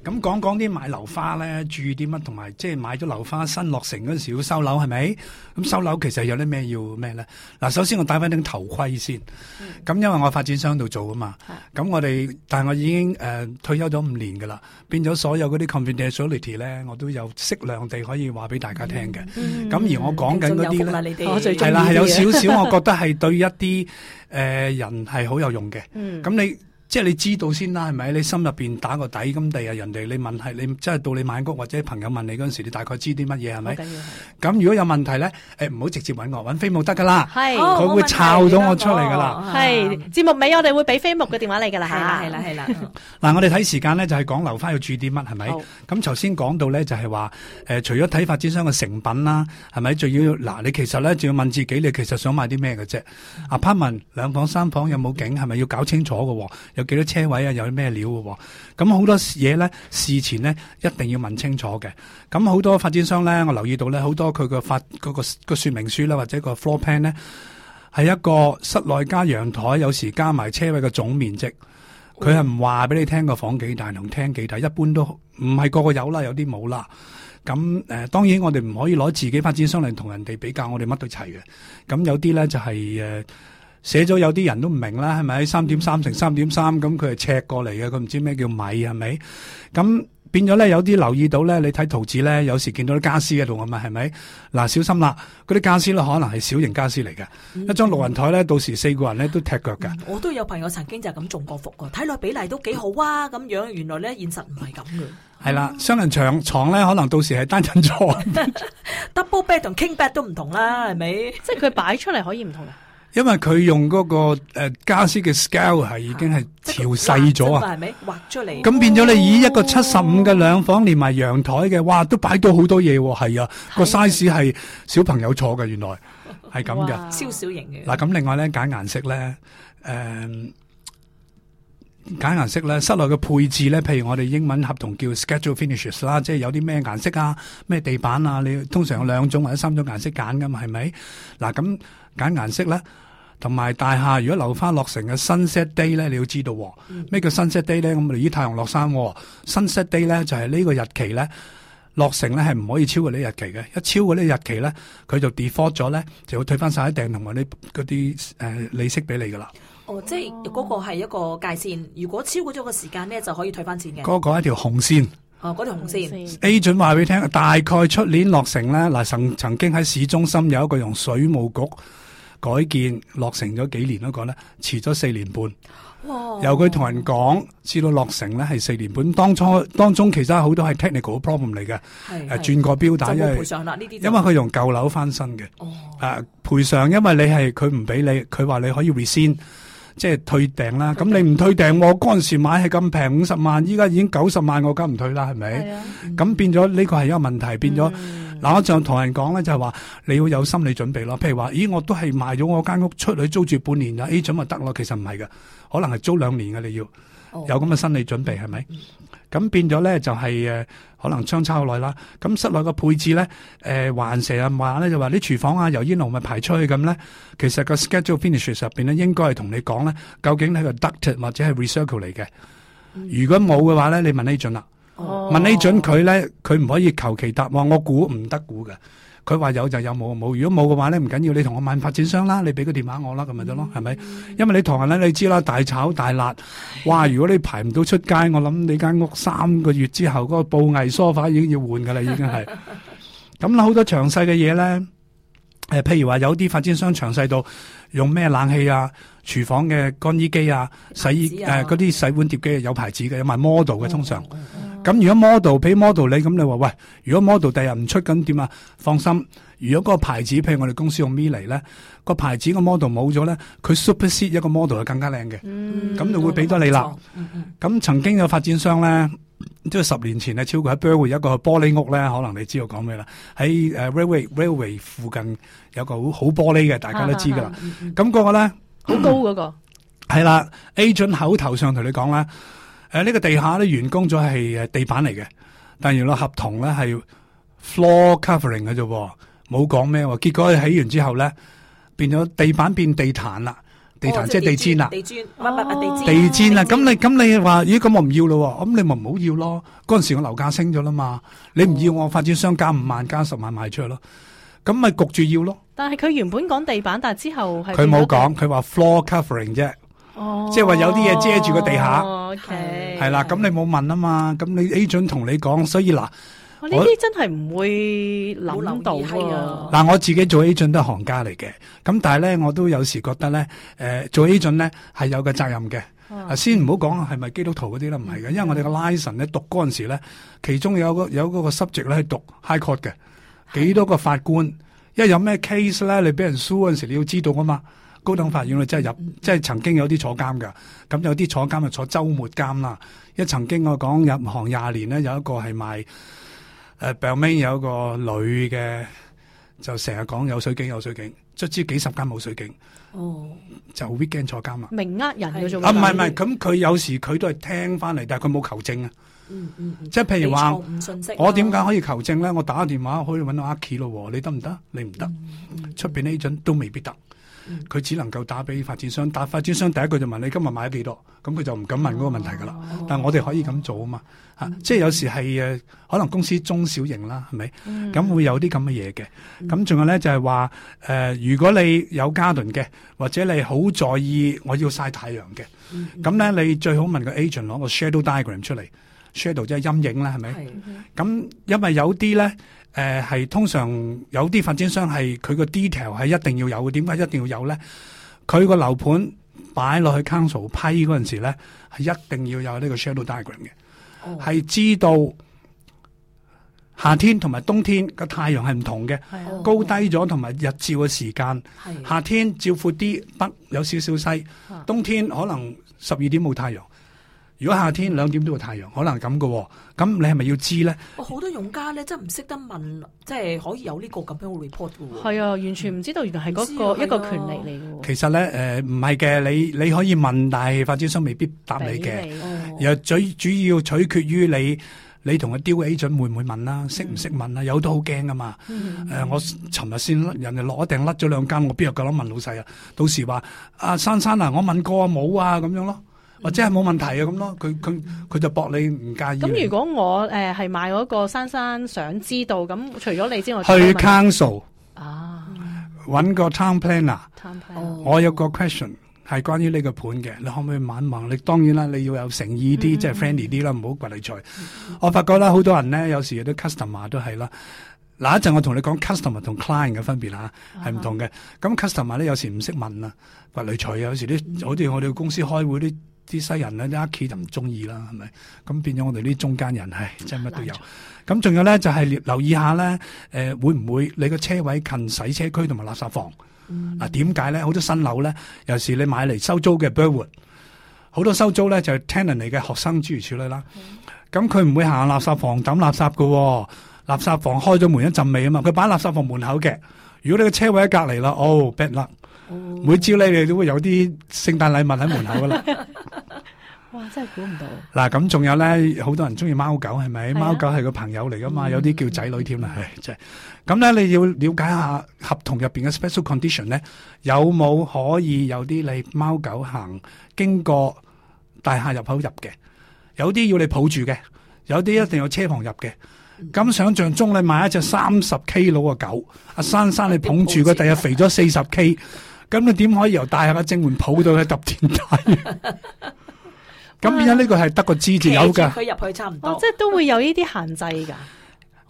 咁講講啲買樓花咧，注意啲乜？同埋即係買咗樓花新落成嗰時要收樓係咪？咁收樓其實有啲咩要咩咧？嗱、嗯，首先我戴翻頂頭盔先。咁、嗯、因為我發展商度做啊嘛。咁、嗯、我哋，但係我已經誒、呃、退休咗五年噶啦，變咗所有嗰啲 confidentiality 咧，我都有適量地可以話俾大家聽嘅。咁、嗯、而我講緊嗰啲咧，係啦係有少少，我，點點我覺得係對一啲誒、 呃、人係好有用嘅。咁、嗯、你。即係你知道先啦，係咪？你心入邊打個底咁第啊？人哋你問係你，即係到你買屋或者朋友問你嗰陣時，你大概知啲乜嘢係咪？咁、okay. 如果有問題咧，誒唔好直接揾我，揾飛牧得㗎啦。係，佢、哦、會抄到我出嚟㗎啦。係、哦啊、節目尾我哋會俾飛牧嘅電話你㗎啦，嚇、啊，係啦、啊，係啦、啊。嗱、啊 啊，我哋睇時間咧，就係、是、講樓花要注意啲乜，係咪？咁頭先講到咧，就係話誒，除咗睇發展商嘅成品啦，係咪？仲要嗱、啊，你其實咧仲要問自己，你其實想買啲咩嘅啫？apartment，r 兩房三房有冇景？係、嗯、咪要搞清楚嘅、啊？有幾多車位啊？有啲咩料嘅、啊？咁、嗯、好多嘢呢，事前呢一定要問清楚嘅。咁、嗯、好多發展商呢，我留意到呢，好多佢個發個、嗰個說明書啦，或者個 floor plan 呢，係一個室內加陽台，有時加埋車位嘅總面積。佢係唔話俾你聽個房幾大同廳幾大，一般都唔係個個有啦，有啲冇啦。咁、嗯、誒、呃，當然我哋唔可以攞自己發展商嚟同人哋比較，我哋乜都齊嘅。咁、嗯、有啲呢，就係、是、誒。呃寫咗有啲人都唔明啦，係咪？三點三乘三點三，咁佢係尺過嚟嘅，佢唔知咩叫米係咪？咁變咗咧，有啲留意到咧，你睇圖紙咧，有時見到啲家私喺度啊嘛，係咪？嗱，小心啦，嗰啲家私咧可能係小型家私嚟嘅，一張六人台咧，到時四個人咧都踢腳㗎、嗯。我都有朋友曾經就係咁中過伏㗎，睇落比例都幾好啊，咁樣原來咧現實唔係咁嘅。係啦，雙人牀牀咧，可能到時係單人床。 Double bed 同 King bed 都唔同啦，係咪？即係佢擺出嚟可以唔同。 因為佢用嗰、那個誒、呃、傢俬嘅 scale 係已經係調細咗啊，係咪畫出嚟？咁變咗你以一個七十五嘅兩房連埋陽台嘅、哦，哇，都擺到好多嘢、哦，係啊，個 size 係小朋友坐嘅，原來係咁嘅，超小型嘅。嗱，咁、啊、另外咧揀顏色咧，誒、嗯，揀顏色咧，室內嘅配置咧，譬如我哋英文合同叫 schedule finishes 啦，即係有啲咩顏色啊，咩地板啊，你通常有兩種或者三種顏色揀噶嘛，係咪？嗱、啊、咁。揀顏色咧，同埋大廈如果留翻落成嘅 sunset day 咧，你要知道咩、哦嗯、叫 sunset day 咧？咁嚟依太陽落山、哦，sunset day 咧就係、是、呢個日期咧落成咧係唔可以超過呢日期嘅。一超過呢日期咧，佢就 default 咗咧，就會退翻晒啲訂同埋呢嗰啲誒利息俾你噶啦。哦，即係嗰個係一個界線，如果超過咗個時間咧，就可以退翻錢嘅。嗰、那個係一條紅線。哦，嗰條紅線。Agent 話俾你聽，大概出年落成咧嗱、呃，曾曾經喺市中心有一個用水務局。改建落成咗幾年嗰個咧，遲咗四年半。由佢同人講，至到落成咧係四年半。當初當中其實好多係 technical problem 嚟嘅，係轉個標底，因為賠償啦，呢啲因為佢用舊樓翻新嘅。啊賠償，因為你係佢唔俾你，佢話你可以 rescind。即係退訂啦，咁你唔退訂，我嗰陣時買係咁平五十萬，依家已經九十萬，我梗唔退啦，係咪？咁變咗呢個係一個問題，變咗。嗱，我就同人講咧，就係話你要有心理準備咯。譬如話，咦，我都係賣咗我間屋出去租住半年啦，A 準咪得咯？其實唔係噶，可能係租兩年嘅，你要有咁嘅心理準備，係咪？咁變咗咧就係、是、誒可能相差好耐啦，咁室內個配置咧誒環蛇啊話咧就話啲廚房啊油煙爐咪排出去咁咧，其實個 schedule finishes 入邊咧應該係同你講咧究竟係個 ducted 或者係 recircle 嚟嘅，如果冇嘅話咧你問 agent 準啦，哦，問 agent 準佢咧佢唔可以求其答我，我估唔得估嘅。佢話有就有，沒有，冇冇。如果冇嘅話咧，唔緊要，你同我問發展商啦，嗯、你俾個電話我啦，咁咪得咯，係、嗯、咪？因為你同行咧，你知啦，大炒大辣，哇！如果你排唔到出街，我諗你間屋三個月之後，嗰、那個布藝梳化已經要換㗎喇，已經係。咁 啦，好多詳細嘅嘢咧，誒、呃，譬如話有啲發展商詳細到用咩冷氣啊，廚房嘅乾衣機啊，啊，洗誒嗰啲洗碗碟機有牌子嘅，有賣 model 嘅，通常。哦咁如果 model，俾 model 你咁，你話，喂，如果 model 第日唔出咁點啊？放心，如果個牌子，譬如我哋公司用 MI 嚟咧，個牌子個 model 冇咗咧，佢 superset 一個 model 就更加靚嘅，咁、嗯、就會俾多你啦。咁、嗯嗯、曾經有發展商咧，即、嗯、係、嗯、十年前呢，超過喺 Burberry 一個玻璃屋咧，可能你知道講咩啦？喺誒 railway railway 附近有個好好玻璃嘅，大家都知噶啦。咁、嗯嗯嗯那個咧，好高嗰、那個係啦。 agent 口頭上同你講啦。誒、呃、呢、這個地下咧完工咗係誒地板嚟嘅，但原來合同咧係 floor covering 嘅啫，冇講咩喎。結果起完之後咧，變咗地板變地毯啦，地毯、哦就是、地毯即係地氈啦，地氈，地氈啦。咁、哦哦啊、你咁你話，咦咁我唔要咯，咁你咪唔好要咯。嗰陣時我樓價升咗啦嘛，你唔要、哦、我發展商加五萬加十萬賣出去咯，咁咪焗住要咯。但係佢原本講地板，但係之後係佢冇講，佢話 floor covering 啫。即係話有啲嘢遮住個地下，係、哦、啦，咁、okay, 你冇問啊嘛，咁你 A 準同你講，所以嗱，我呢啲真係唔會扭漏到嗱，我自己做 A t 都係行家嚟嘅，咁但係咧，我都有時覺得咧，誒、呃，做 A 準咧係有個責任嘅、嗯。先唔好講係咪基督徒嗰啲啦，唔係嘅，因為我哋個拉神咧讀嗰陣時咧，其中有個有個 subject 咧係讀 high court 嘅，幾多個法官，因為有咩 case 咧，你俾人輸嗰陣時，你要知道啊嘛。高等法院咧、嗯，即係入，即係曾經有啲坐監㗎。咁有啲坐監就坐周末監啦。一曾經我講入行廿年咧，有一個係賣誒 b r m a 有個女嘅，就成日講有水警有水警，卒之幾十間冇水警。哦，就 weekend 坐監啊！明呃人嘅做啊，唔係唔係，咁、啊、佢有時佢都係聽翻嚟，但係佢冇求證啊。嗯嗯、即係譬如話、啊，我點解可以求證咧？我打電話可以搵到阿 k i 咯，你得唔得？你唔得，出邊呢 agent 都未必得。佢只能夠打俾發展商，打發展商第一句就問你今日買咗幾多？咁佢就唔敢問嗰個問題噶啦、啊啊。但係我哋可以咁做啊嘛，嚇、啊啊，即係有時係誒，可能公司中小型啦，係、嗯、咪？咁會有啲咁嘅嘢嘅。咁、嗯、仲、嗯、有咧就係話誒，如果你有 garden 嘅，或者你好在意我要晒太陽嘅，咁、嗯、咧、嗯、你最好問個 agent 攞個 shadow diagram 出嚟，shadow 即係陰影啦，係、嗯、咪？咁、嗯嗯、因為有啲咧。誒、呃、通常有啲發展商係佢個 detail 係一定要有。點解一定要有咧？佢個樓盤擺落去 council 批陣時咧，係一定要有呢個 shadow diagram 嘅。係、oh. 知道夏天同埋冬天個太陽係唔同嘅，oh. 高低咗同埋日照嘅時間，夏天照闊啲北，有少少西；冬天可能十二點冇太陽。如果夏天兩點都會太陽，可能咁嘅，咁你係咪要知咧？我好多用家咧，真係唔識得問，即係可以有呢個咁樣嘅 report 嘅。係啊，完全唔知道，原來係嗰個一個權利嚟嘅。其實咧，誒唔係嘅，你你可以問，但係發展商未必答你嘅。又最主要取決於你，你同阿雕嘅 agent 會唔會問啦？識唔識問啊？有都好驚嘅嘛。誒，我尋日先人哋攞定甩咗兩間，我邊有夠膽問老細啊？到時話阿珊珊啊，我問過阿冇啊，咁樣咯。或者係冇問題啊咁咯，佢佢佢就搏你唔介意。咁如果我誒係、呃、買嗰個珊珊想知道咁，除咗你之外，去 council 啊揾個 town planner，time planner、哦、我有個 question 係關於呢個盤嘅，你可唔可以問問你？當然啦，你要有誠意啲，即、嗯、係、就是、friendly 啲啦，唔好掘你財。我發覺啦好多人咧，有時有啲 customer 都係啦。嗱一陣我同你講 customer 同 client 嘅分別啦係唔同嘅。咁 customer 咧有時唔識問啊，掘你財啊呢，有時啲好似我哋公司開會啲。啲西人咧，啲屋企就唔中意啦，係咪？咁變咗我哋啲中間人，即係乜都有。咁仲有咧，就係、是、留意下咧，誒、呃、會唔會你個車位近洗車區同埋垃圾房？嗱點解咧？好、啊、多新樓咧，有時你買嚟收租嘅 Burwood，好多收租咧就 tenant 嚟嘅學生居處處理啦。咁佢唔會行垃圾房抌垃圾嘅喎、哦，垃圾房開咗門一陣味啊嘛。佢擺垃圾房門口嘅，如果你個車位喺隔離啦，oh, bad luck, 哦 bad 啦！每朝咧你都會有啲聖誕禮物喺門口噶啦。 哇，真係估唔到！嗱、啊，咁仲有咧，好多人中意貓狗係咪？貓、啊、狗係個朋友嚟噶嘛，嗯、有啲叫仔女添啊，係即係。咁、就、咧、是，你要了解下合同入邊嘅 special condition 咧，有冇可以有啲你貓狗行經過大廈入口入嘅？有啲要你抱住嘅，有啲一定要有車房入嘅。咁想象中你買一隻三十 K 佬嘅狗，阿、啊、珊珊你捧住佢，第日肥咗四十 K，咁你點可以由大廈正門抱到去搭天梯？ 咁變咗呢個係得個、G、字有㗎，佢入去差唔多，哦、即係都會有呢啲限制㗎。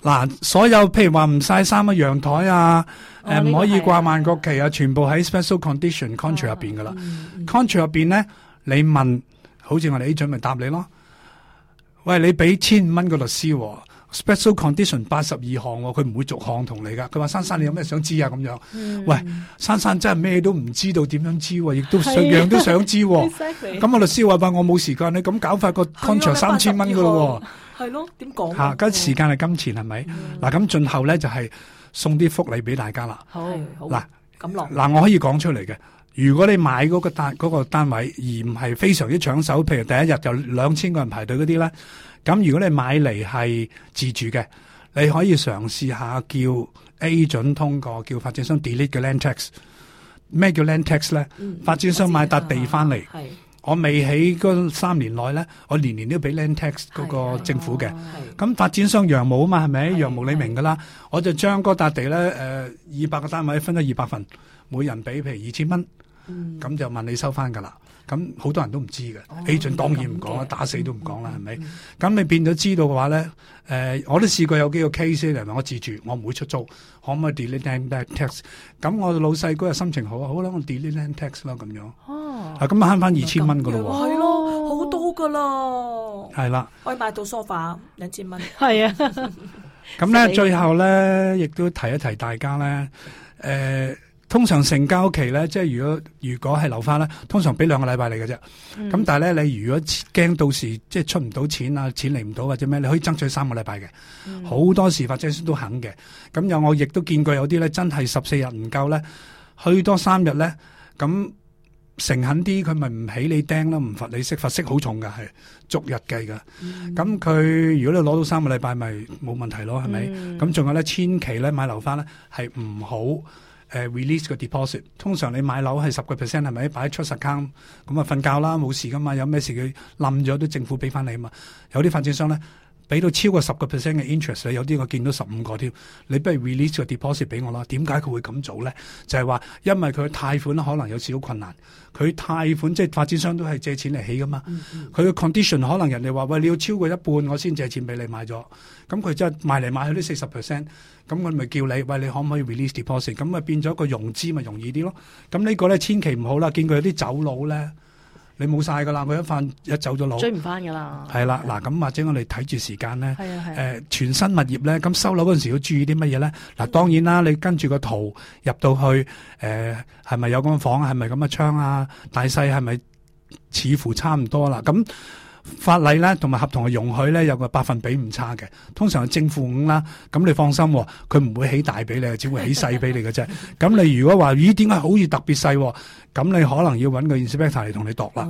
嗱， 所有譬如話唔曬衫嘅陽台啊，唔、哦呃這個、可以掛萬國旗啊，啊啊全部喺 special condition、啊、contract 入邊㗎啦。啊嗯、contract 入邊咧、嗯，你問，好似我哋呢組咪答你咯。喂，你俾千五蚊個律師喎、哦。Special condition 八十二項喎，佢唔會逐項同你噶。佢話：珊珊，你有咩想知啊？咁樣、嗯。喂，珊珊真係咩都唔知道點樣知喎，亦都想樣都想知喎、哦。咁 我律師話話我冇時間，你咁搞法個 contract 三千蚊噶咯喎。係咯，點講？嚇、哦，而家時間係金錢係咪？嗱，咁、嗯、盡後咧就係送啲福利俾大家啦。好。嗱，咁落。嗱，我可以講出嚟嘅。如果你買嗰個,、嗰個單位，而唔係非常之搶手，譬如第一日就兩千個人排隊嗰啲咧。咁如果你買嚟係自住嘅，你可以嘗試下叫 agent 通過，叫發展商 delete 嘅 land tax。咩叫 land tax 咧、嗯？發展商買笪地翻嚟，我未起嗰三年內咧，我年年都俾 land tax 嗰個政府嘅。咁發展商羊毛啊嘛，係咪羊毛你明㗎啦？我就將嗰笪地咧，誒二百個單位分咗二百份，每人俾譬如二千蚊，咁、嗯、就問你收翻㗎啦。咁好多人都唔知嘅 agent 當然唔講啦，打死都唔講啦，係、嗯、咪？咁、嗯、你變咗知道嘅話咧、呃，我都試過有幾個 case 嚟我自住，我唔會出租，可唔可以 deduct tax？咁我老細嗰日心情好啊，好啦，我 deduct tax 啦，咁樣。哦，咁慳翻二千蚊噶咯喎！係咯、哦哦，好多噶咯。係啦，可以買到 sofa 兩千蚊。係啊，咁 咧那呢 最後咧，亦都提一提大家咧，呃通常成交期咧，即係如果如果係樓花咧，通常俾兩個禮拜你嘅啫。咁、嗯、但係咧，你如果驚到時即係出唔到錢啊，錢嚟唔到或者咩，你可以爭取三個禮拜嘅。好、嗯、多時或者都肯嘅。咁又我亦都見過有啲咧，真係十四日唔夠咧，去多三日咧，咁誠懇啲佢咪唔起你釘咯，唔罰你息，罰息好重噶，係逐日計㗎。咁、嗯、佢如果你攞到三個禮拜咪冇問題咯，係咪？咁、嗯、仲有咧，千祈咧買樓花咧係唔好。誒、uh, release 個 deposit，通常你買樓係十個 percent 係咪？擺喺 trust account，咁啊瞓覺啦，冇事噶嘛。有咩事佢冧咗都政府俾翻你啊嘛。有啲發展商咧，俾到超過十個 percent 嘅 interest，有啲我見到十五個添，你不如 release 個 deposit 俾我啦。點解佢會咁做呢？就係話，因為佢貸款可能有少少困難，佢貸款即係發展商都係借錢嚟起噶嘛。佢、嗯、嘅、嗯、condition 可能人哋話喂，你要超過一半，我先借錢俾你買咗。咁佢真係賣嚟買去啲四十 percent，咁我咪叫你喂，你可唔可以 release deposit？咁咪變咗個融資咪容易啲咯。咁呢個呢，千祈唔好啦，見佢有啲走佬呢。你冇晒㗎喇，佢一返一走咗路，追唔返㗎喇。係喇，嗱，咁或者我哋睇住時間咧、呃，全新物業咧，咁收樓嗰陣時要注意啲乜嘢咧？嗱，當然啦，你跟住個圖入到去，誒係咪有間房？係咪咁嘅窗啊？大細係咪似乎差唔多啦？咁、呃。法例咧，同埋合同嘅容許咧，有個百分比誤差嘅。通常係正負五啦，咁你放心、哦，佢唔會起大俾你，只會起細俾你嘅啫。咁 你如果話咦點解好似特別細啊？咁你可能要搵個 inspector 嚟同你度啦，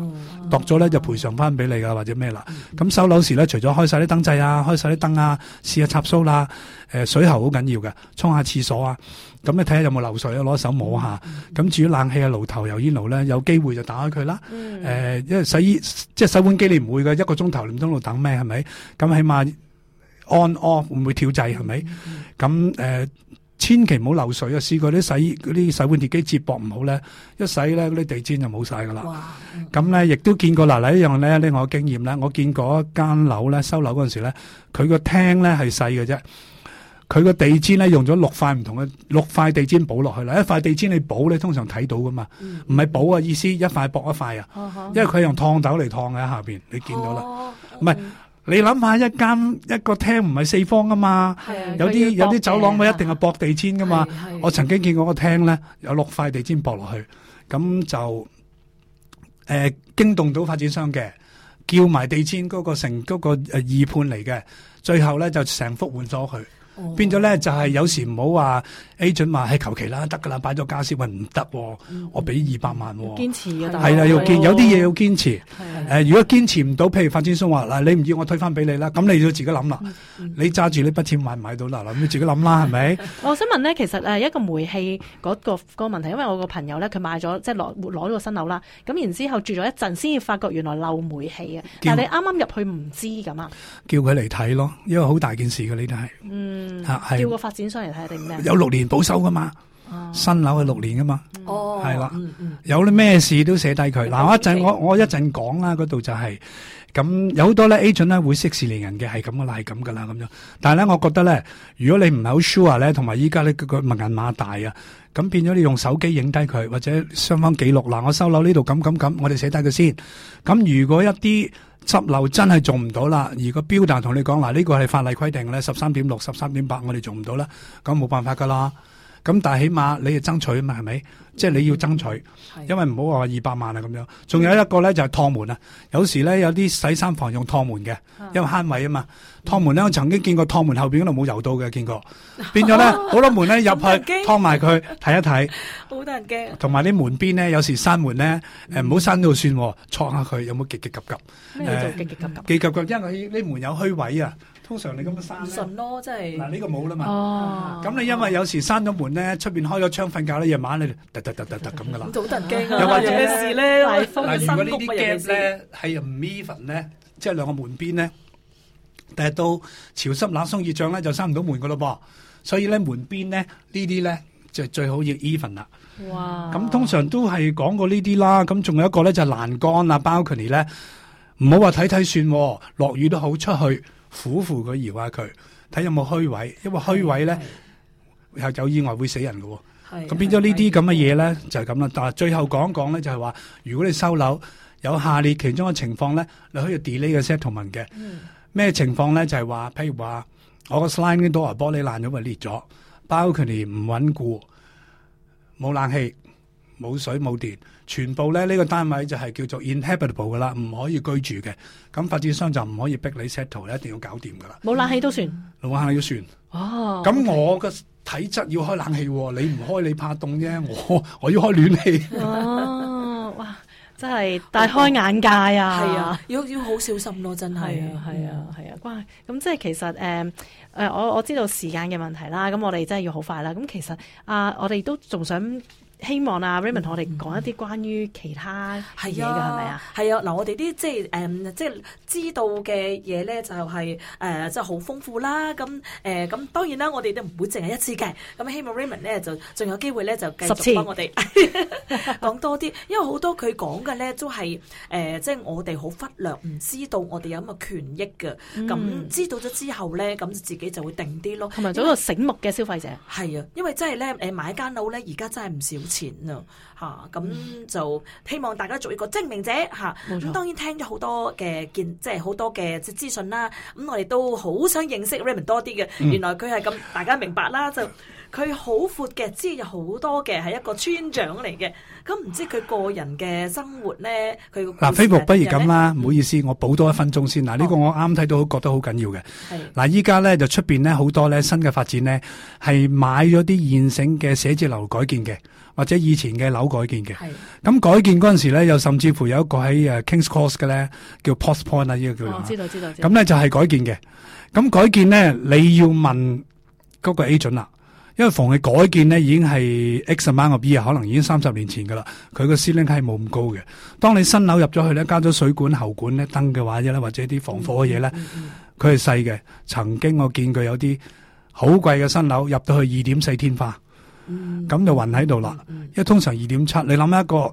度咗咧就賠償翻俾你噶，或者咩啦。咁、嗯嗯、收樓時咧，除咗開晒啲燈掣啊，開晒啲燈啊，試下插蘇啦，啊呃，水喉好緊要嘅，沖下廁所啊。咁你睇下有冇漏水啊，攞手摸下。咁至於冷氣啊、爐頭、油煙爐咧，有機會就打開佢啦。誒，因為洗衣即係洗碗機，你唔會嘅一個鐘頭，你唔通喺度等咩？係咪？咁起碼 on off 會唔會跳掣？係咪？咁誒，千祈唔好漏水啊！試過啲洗衣嗰啲洗碗碟機接駁唔好咧，一洗咧嗰啲地氈就冇晒㗎啦。咁咧，亦都見過嗱嗱一樣咧，呢我經驗咧，我見過一間樓咧，收樓嗰陣時咧，佢個廳咧係細嘅啫。佢個地氈咧用咗六塊唔同嘅六塊地氈補落去啦。一塊地氈你補咧，你通常睇到噶嘛，唔、嗯、係補嘅意思，一塊駁一塊啊。因為佢用燙斗嚟燙喺下面。你見到啦。唔、啊、係、嗯、你諗下，一間一個廳唔係四方噶嘛，啊、有啲有啲走廊咪一定係駁地氈噶嘛。我曾經見過個廳咧有六塊地氈駁落去，咁就誒、呃、驚動到發展商嘅，叫埋地氈嗰個成嗰、那個誒二判嚟嘅，最後咧就成幅換咗佢。變咗咧，就係有時唔好話。A 准話係求其啦，得㗎啦，擺咗傢俬運唔得，我俾二百萬。堅持㗎，係啦，要堅，有啲嘢要堅持。誒、哦哦呃，如果堅持唔到，譬如發展商話嗱，你唔要，我退翻俾你啦，咁你要自己諗啦、嗯。你揸住呢筆錢買唔買到啦？嗱，你就自己諗啦，係、嗯、咪？我想問咧，其實誒一個煤氣嗰個嗰個問題，因為我個朋友咧，佢買咗即係攞攞咗個新樓啦。咁然之後住咗一陣，先發覺原來漏煤氣啊！但係你啱啱入去唔知㗎嘛？叫佢嚟睇咯，因為好大件事㗎，呢啲係。嗯。係、啊。叫個發展商嚟睇定咩？有六年。保守噶嘛，啊、新樓係六年噶嘛，係、嗯、啦、嗯嗯，有啲咩事都寫低佢。嗱、嗯，我一陣我我一陣講啦，嗰度就係、是、咁，有好多咧 agent 咧會息事寧人嘅，係咁噶啦，係咁噶啦咁樣。但係咧，我覺得咧，如果你唔係好 sure 咧，同埋依家咧個個文銀碼大啊。咁變咗你用手機影低佢，或者雙方記錄。嗱、啊，我收樓呢度咁咁咁，我哋寫低佢先。咁、啊、如果一啲執樓真係做唔到啦，如果標彈同你講嗱，呢、啊呢個係法例規定咧，十三點六、十三點八，我哋做唔到啦，咁冇辦法噶啦。咁但係起碼你係爭取啊嘛，係咪？即、就、係、是、你要爭取，嗯、因為唔好話二百萬啊咁樣。仲有一個咧就係、是、趟門啊，有時咧有啲洗衫房用趟門嘅，因為慳位啊嘛。趟門咧我曾經見過趟門後邊嗰度冇油到嘅，見過。變咗咧好多門咧入去趟埋佢，睇一睇，好多人驚。同埋啲門邊咧，有時閂門咧，誒唔好閂到算，錯下佢有冇夾夾及及。咩叫做夾夾及及？夾及及，因為呢門有虛位啊。通常你咁樣閂唔順咯，即係嗱呢個冇啦嘛。咁、啊、你因為有時閂咗門咧，出邊開咗窗瞓覺咧，夜晚你突突突突突咁噶啦。咁就突驚啦。又或者咧，嗱、啊啊、如果呢啲 gap 咧係唔 even 咧，即係兩個門邊咧，但係到潮濕冷縮熱脹咧就閂唔到門噶咯噃。所以咧門邊咧呢啲咧就最好要 even 啦。哇！咁通常都係講過呢啲啦。咁仲有一個咧就欄杆啊 balcony 咧，唔好話睇睇算，落雨都好出去。苦俯佢搖下佢，睇有冇虛位，因為虛位咧係有意外會死人嘅喎、哦。咁變咗呢啲咁嘅嘢咧就係咁啦。但係最後講一講咧就係話，如果你收樓有下列其中嘅情況咧，你可以 delay 嘅 settlement 嘅。咩、嗯、情況咧就係、是、話，譬如話我個 sliding door 玻璃爛咗咪裂咗，balcony 唔穩固，冇冷氣。冇水冇電，全部咧呢、呢個單位就係叫做 inhabitable 噶啦，唔可以居住嘅。咁發展商就唔可以逼你 settle，一定要搞掂噶啦。冇冷氣都算，冷、嗯、下都算。哦，咁我嘅體質要開冷氣、哦哦 okay，你唔開你怕凍啫。我我要開暖氣、哦。哇，真係大開眼界啊！係、哦、啊，啊，要要好小心咯、啊，真係。係啊，係啊，係啊，關、啊。咁、嗯、即係其實誒誒、呃，我我知道時間嘅問題啦。咁我哋真係要好快啦。咁其實啊、呃，我哋都仲想。希望啊，Raymond 同我哋講一啲關於其他係嘢嘅，係咪啊？係啊，嗱，我哋啲即係誒，即係知道嘅嘢咧，就係誒，即係好豐富啦。咁誒，咁、呃、當然啦，我哋都唔會淨係一次嘅。咁希望 Raymond 咧就仲有機會咧就繼續幫我哋講 多啲，因為好多佢講嘅咧都係誒，即、呃、係、就是、我哋好忽略，唔知道我哋有乜權益嘅。咁、嗯、知道咗之後咧，咁自己就會定啲咯，同埋做一個醒目嘅消費者。係啊，因為真係咧，誒，買間樓咧，而家真係唔少。前啊吓，咁就希望大家做一個精明者嚇，咁、啊嗯。當然聽咗好多嘅見，即係好多嘅資訊啦。咁、啊、我哋都好想認識 Raymond 多啲嘅、嗯。原來佢係咁，大家明白啦。就佢好闊嘅知有很，有好多嘅係一個村長嚟嘅。咁、啊、唔知佢個人嘅生活咧，佢嗱 Facebook 不如咁啦。唔好意思，我補多一分鐘先嗱。呢、啊啊呢個我啱睇到，覺得好緊要嘅。嗱，依家咧就出邊咧好多咧新嘅發展咧，係買咗啲現成嘅寫字樓改建嘅。或者以前嘅樓改建嘅，咁改建嗰陣時咧，又甚至乎有一個喺誒 Kings Cross 嘅咧，叫 Post Point 啊呢個叫，知道，知道，咁咧就係改建嘅。咁改建咧，你要問嗰個 Agent 準啦，因為房嘅改建咧已經係 X amount of year 啊，可能已經三十年前噶啦，佢個 Ceiling 係冇咁高嘅。當你新樓入咗去咧，加咗水管、喉管咧、燈嘅話咧，或者啲防火嘅嘢咧，佢係細嘅。曾經我見佢有啲好貴嘅新樓入到去二點四天花。咁、嗯、就暈喺度啦，因為通常二點七，你諗一個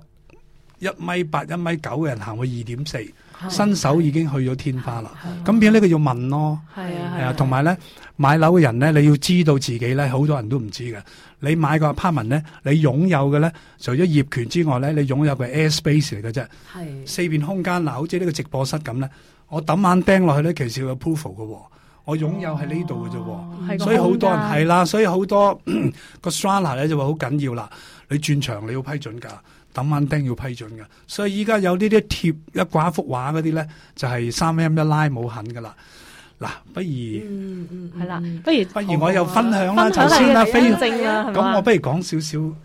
一米八、一米九嘅人行去二點四，伸手已經去咗天花啦。咁變咗呢個要問咯，係啊，係啊。同埋咧，買樓嘅人咧，你要知道自己咧，好多人都唔知嘅。你買個 apartment 咧，你擁有嘅咧，除咗業權之外咧，你擁有個 air space 嚟嘅啫，係四面空間。嗱、呃，好似呢個直播室咁咧，我抌眼釘落去咧，其實要有 approval 嘅、哦。我擁有喺呢度嘅啫，所以好多人係、嗯、啦，所以好多，、嗯、以多個 strata 咧就話好緊要啦。你轉場，你要批准噶，抌蚊釘要批准噶，所以依家有呢啲貼一掛幅畫嗰啲咧，就係三 M 一拉冇痕噶啦。嗱，不如嗯嗯啦，不如，、嗯、不，如不如我有分享啦，頭、嗯、先啦正啊咁 我不如講少少。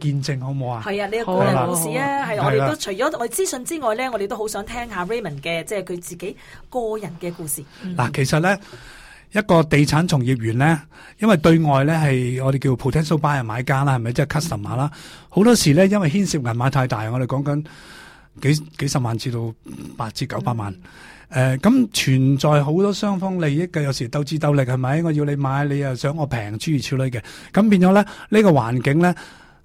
見證好唔好啊？係啊，呢個個人故事啊，係、啊啊啊、我哋都除咗我哋資訊之外咧，我哋都好想聽下 Raymond 嘅，即係佢自己個人嘅故事。嗱、嗯，其實咧一個地產從業員咧，因為對外咧係我哋叫 potential buyer 買家啦，係咪即係 customer 啦？好、嗯、多時咧因為牽涉銀碼太大，我哋講緊幾幾十萬至到八至九百萬。誒、嗯，咁、呃、存在好多雙方利益嘅，有時鬥智鬥力係咪？我要你買，你又想我平，諸如此類嘅。咁變咗咧，這個、環呢個環境咧。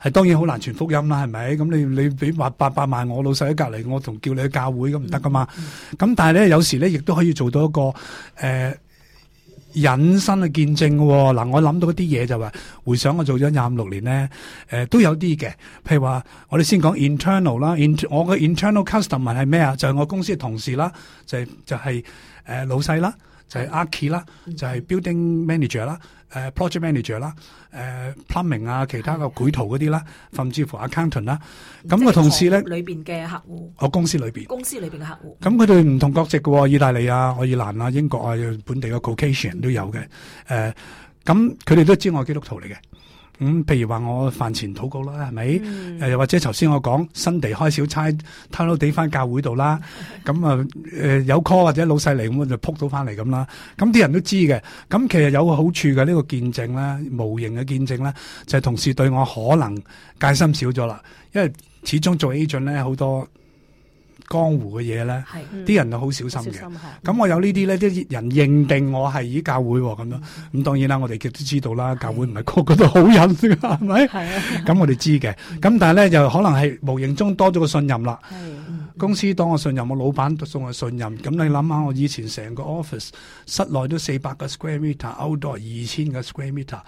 係當然好難傳福音啦，係咪？咁你你俾話八百萬我，我老細喺隔離，我同叫你去教會咁唔得噶嘛？咁、嗯嗯、但係咧，有時咧亦都可以做到一個誒隱、呃、身嘅見證喎、哦。嗱、呃，我諗到一啲嘢就係、是、回想我做咗廿六年咧，誒、呃、都有啲嘅。譬如話，我哋先講 internal 啦，我嘅 internal customer 係咩啊？就係、是、我公司嘅同事啦，就係、是、就係、是、誒、呃、老細啦，就係、是、阿 key 啦，嗯、就係、是、building manager 啦。呃、project manager 啦、呃、plumbing 啊，其他嘅繪圖嗰啲啦，甚至乎 accountant 啦，咁、那、嘅、個、同事咧，裏邊嘅客戶，我公司裏面，公司裏面嘅客戶，咁佢哋唔同國籍嘅、哦，意大利啊、愛爾蘭啊、英國啊，本地嘅 Caucasian 都有嘅，誒、嗯，咁佢哋都知我基督徒嚟嘅。咁、嗯、譬如話我飯前禱告啦，係咪？誒，又或者頭先我講新地開小差，偷偷地翻教會度啦，咁啊誒有 call 或者老細嚟，咁、嗯、我就撲到翻嚟咁啦。咁、嗯、啲人都知嘅，咁、嗯、其實有個好處嘅呢、這個見證咧，無形嘅見證咧，就係、是、同事對我可能戒心少咗啦，因為始終做 agent 咧好多。江湖嘅嘢咧，啲人就好小心嘅。咁、嗯、我有呢啲咧，啲人認定我係以教會咁咯。咁、嗯、當然啦，我哋亦都知道啦、嗯，教會唔係個個都好人，係咪、啊？咁 我哋知嘅。咁、嗯、但係咧，就可能係無形中多咗個信任啦、嗯。公司當我信任，我老闆都送我信任。咁你諗下，我以前成個 office 室，室內都四百個 square meter，outdoor 二千個 square meter。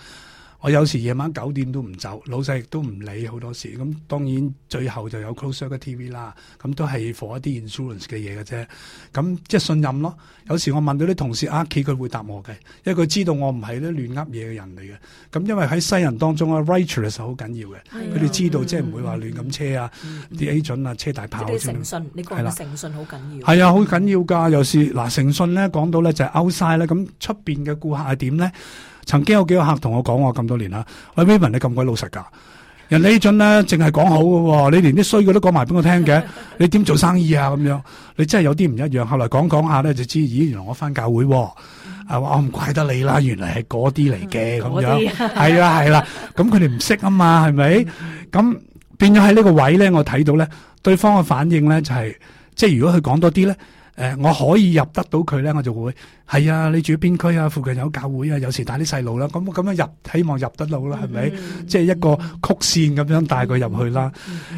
我有時夜晚九點都唔走，老細亦都唔理好多事。咁當然最後就有 close 嘅 TV 啦。咁都係 for 一啲 insurance 嘅嘢嘅啫。咁即係信任咯。有時我問到啲同事，阿 K 佢會答我嘅，因為佢知道我唔係啲亂噏嘢嘅人嚟嘅。咁因為喺西人當中 righteous 好緊要嘅。佢、哎、哋知道、嗯、即係唔會話亂咁車啊，啲、嗯嗯、agent 啊，車大炮。都誠信，你講嘅誠信好緊要。係啊，好緊要㗎。有時嗱誠信咧講到咧就係 outside 啦，咁出邊嘅顧客係點咧？曾經有幾個客同我講：我咁多年啦，喂 Raymond，你咁鬼老實㗎？人李俊咧，淨係講好嘅喎，你連啲衰嘅都講埋俾我聽嘅，你點做生意啊？咁樣你真係有啲唔一樣。後來講講下咧，就知咦，原來我返教會喎，係嘛？我唔怪得你啦，原來係嗰啲嚟嘅咁樣，係啦，係啦。咁佢哋唔識啊嘛，係咪？咁變咗喺呢個位咧，我睇到咧，對方嘅反應咧就係，即係如果佢講多啲咧。誒、呃、我可以入得到佢咧，我就會係啊！你住邊區啊？附近有教會啊？有時帶啲細路啦，咁咁樣，樣入，希望入得到啦，係咪？Mm-hmm. 即係一個曲線咁樣帶佢入去啦。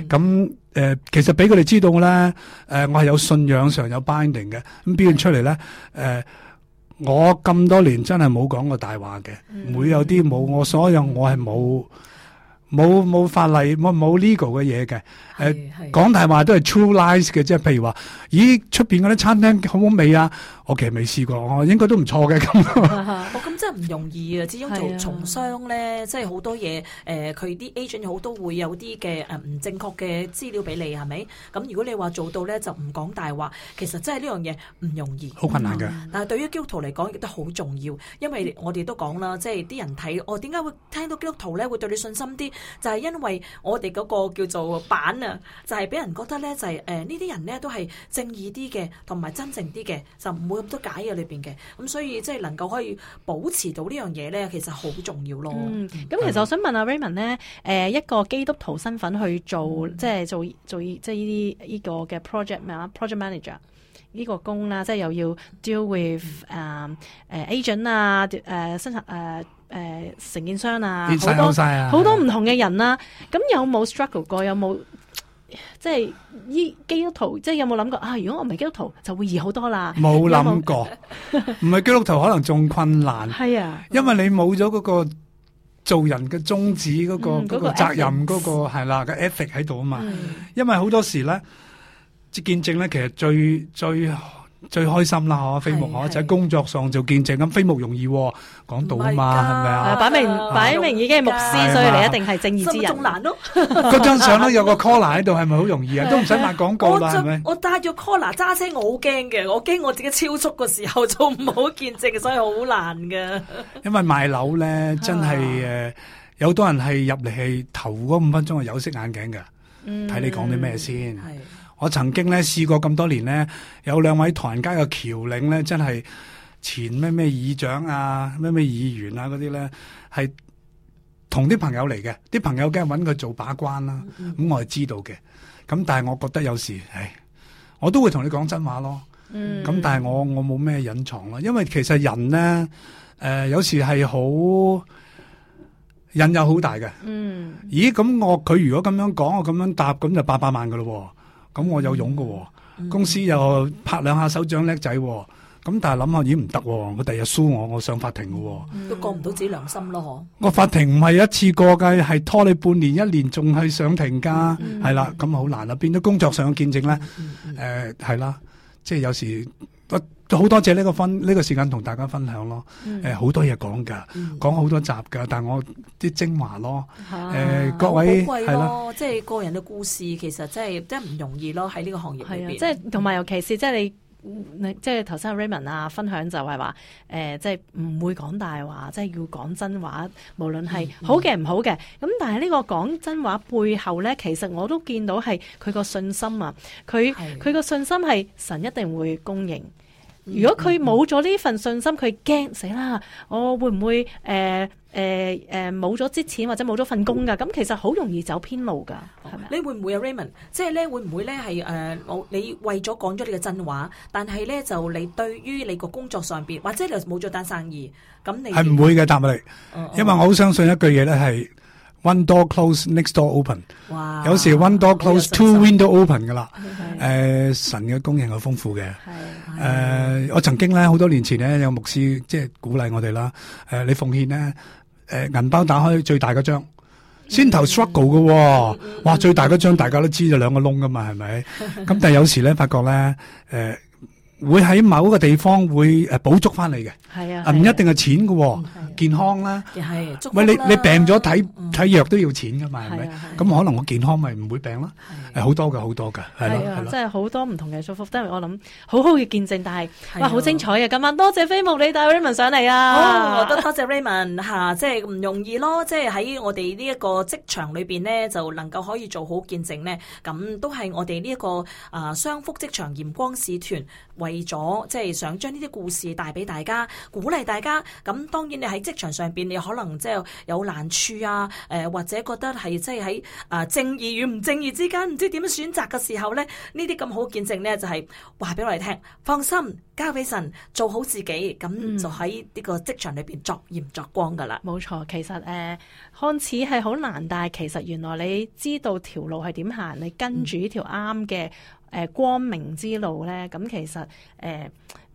咁、mm-hmm. 誒、呃，其實俾佢哋知道咧，誒、呃，我係有信仰上有 binding 嘅。咁表現出嚟咧，誒、mm-hmm. 呃，我咁多年真係冇講過大話嘅，會、mm-hmm. 有啲冇，我所有我係冇。冇冇法例，冇冇 legal 嘅嘢嘅，誒、講大話都係 true lies 嘅，即係譬如話，咦出面嗰啲餐廳好唔好味啊？我其實未試過，我應該都唔錯嘅咁。 哦，咁真係唔容易啊！始終做從商咧，即係好多嘢誒，佢啲 agent 好多會有啲嘅，誒、唔正確嘅資料俾你係咪？咁如果你話做到咧，就唔講大話。其實真係呢樣嘢唔容易。好困難㗎、嗯。但係對於基督徒嚟講亦都好重要，因為我哋都講啦，即係啲人睇我點解會聽到基督徒咧會對你信心啲？就係、是、因為我哋嗰個叫做板啊，就係俾人覺得咧，就係誒呢啲人咧都係正義啲嘅，同埋真正啲嘅，就唔會咁多假嘢裏邊嘅。咁所以即係能夠可以保持到呢樣嘢咧，其實好重要咯。嗯，咁其實我想問阿 Raymond 咧，誒一個基督徒身份去做，即、嗯、係、就是、做做即係呢啲呢個嘅 project 咩啊？project manager？呢、這個工啦，即係又要 deal with 誒、uh，誒、uh，agent 啊，誒生產誒誒承建商啊，好多好多唔同嘅人啦。咁 有冇 struggle 過？有冇即係依基督徒？即係有冇諗過啊？如果我唔係基督徒，就會易好多啦。冇諗過，唔 係基督徒可能仲困難。係 啊，因為你冇咗嗰個做人嘅宗旨，嗰個嗰個責任，嗰、嗯那個係啦嘅 ethics 喺度啊、那個、嘛。嗯、因為好多時咧。即見證咧，其實最最最開心啦！嗬，飛牧嗬，就喺工作上做見證咁，飛牧容易講到啊嘛，係咪啊？擺明擺明已經係牧師，所以你一定係正義之人。仲難咯？嗰張相咧有個 collar 喺度，係咪好容易啊？都唔使賣廣告嘛，係咪？我戴咗 collar 揸車，我好驚嘅，我驚我自己超速嘅時候就唔好見證，所以好難噶。因為賣樓咧，真係誒，有多人係入嚟係頭嗰五分鐘係有色眼鏡嘅，睇你講啲咩先。我曾經咧試過咁多年咧，有兩位唐人街嘅僑領咧，真係前咩咩議長啊，咩咩議員啊嗰啲咧，係同啲朋友嚟嘅，啲朋友梗係揾佢做把關啦、啊。咁我係知道嘅。咁但係我覺得有時，唉，我都會同你講真話咯。咁但係我我冇咩隱藏咯，因為其實人咧，誒、呃，有時係好引誘好大嘅。嗯。咦？咁我佢如果咁樣講，我咁樣答，咁就八百萬噶咯。咁、嗯、我有用嘅、哦嗯，公司又拍兩下手掌叻仔、啊，咁、嗯、但係諗下已經唔得，佢、啊、第日輸我，我上法庭嘅、哦，都過唔到自己良心咯，嗬。我法庭唔係一次過嘅，係拖你半年一年還，仲係上庭噶，係啦，咁好難啦，變咗工作上嘅見證咧，誒係啦，即係有時好多謝呢個分呢、呢個時間同大家分享咯。好、嗯、多嘢講㗎，講、嗯、好多集㗎，但我啲精華咯。啊呃、各位、哦、咯，即係個人嘅故事，其實真係真唔容易咯。喺呢個行業、嗯啊、即係同埋尤其是即係你，你，即係頭先 Raymond 啊，分享就係話即係唔會講大話，即係要講真話，無論係好嘅唔好嘅。咁、嗯嗯、但係呢個講真話背後咧，其實我都見到係佢個信心啊，佢佢個信心係神一定會公認。如果佢冇咗呢份信心，佢驚死啦！我會唔會誒誒誒冇咗啲錢或者冇咗份工㗎？咁其實好容易走偏路㗎，係咪？你會唔會啊 Raymond？即係咧會唔會咧係誒？我你為咗講咗你嘅真話，但係咧就你對於你個工作上邊或者你冇咗單生意，咁你係唔會嘅答你嚟，因為我好相信一句嘢咧係。One door close, next door open。有時 one door close, two window open 㗎啦、 呃。神嘅供應好豐富嘅、 呃。我曾經咧好多年前咧有牧師即係鼓勵我哋啦、呃。你奉獻咧、呃，銀包打開最大嗰張、嗯，先頭 struggle 㗎喎、哦。嘅、嗯。哇，最大嗰張大家都知道，就兩個窿㗎嘛，係咪？咁 但係有時咧，發覺咧，呃會喺某一個地方會誒補足翻你嘅，係啊，唔一定係錢嘅，健康啦，係，喂，你你病咗睇睇藥都要錢嘅嘛，係咪？咁可能我健康咪唔會病咯。係好多嘅，好多嘅，係咯，係咯，即係好多唔同嘅祝福。因為我諗好好嘅見證，但係哇好精彩嘅今晚，多謝飛牧你帶 Raymond 上嚟啊！哦，我都多謝 Raymond 吓，即係唔容易咯，即係喺我哋呢一個職場裏邊咧，就能夠可以做好見證咧，咁都係我哋呢一個啊雙福職場鹽光使團，為咗即係想將呢啲故事帶俾大家，鼓勵大家。咁當然你喺職場上邊，你可能即係有難處啊，誒、呃、或者覺得係即係喺啊正義與唔正義之間，唔知點樣選擇嘅時候咧，呢啲咁好見證咧就係話俾我哋聽，放心交俾神，做好自己，咁就喺呢個職場裏邊作鹽作光噶啦。冇錯，其實誒看似係好難，但係其實原來你知道條路係點行，你跟住條啱嘅。嗯誒光明之路咧，咁其實誒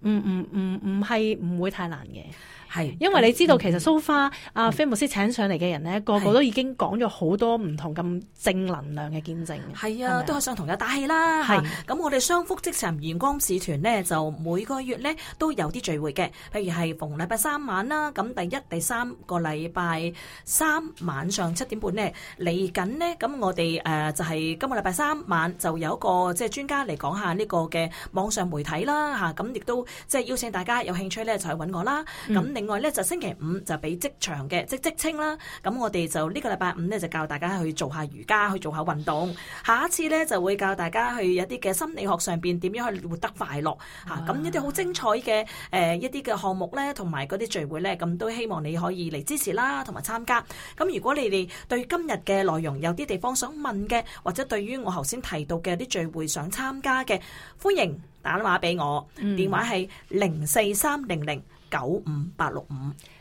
唔唔唔唔係唔會太難嘅。係，因為你知道其實蘇花阿菲牧師請上嚟嘅人呢、嗯、個,個個都已經講咗好多唔同咁正能量嘅見證。係啊，是是都係想同你打氣啦咁、啊、我哋雙福職場元光使團呢，就每個月呢都有啲聚會嘅，譬如係逢禮拜三晚啦，咁第一第三個禮拜三晚上七點半呢，嚟緊呢。咁我哋誒、呃、就係、是、今個禮拜三晚就有一個即係專家嚟講下呢個嘅網上媒體啦咁亦都即係邀請大家有興趣咧就去揾我啦。咁、嗯、你。啊另外咧就星期五就俾職場嘅即職稱啦，咁我哋就呢個禮拜五咧就教大家去做下瑜伽，去做下運動。下一次咧就會教大家去有啲嘅心理學上邊點樣去活得快樂吓，咁、啊、一啲好精彩嘅誒、呃、一啲嘅項目咧，同埋嗰啲聚會咧，咁都希望你可以嚟支持啦，同埋參加。咁如果你哋對今日嘅內容有啲地方想問嘅，或者對於我頭先提到嘅啲聚會想參加嘅，歡迎打電話俾我，電話係零四三零零。九五八六五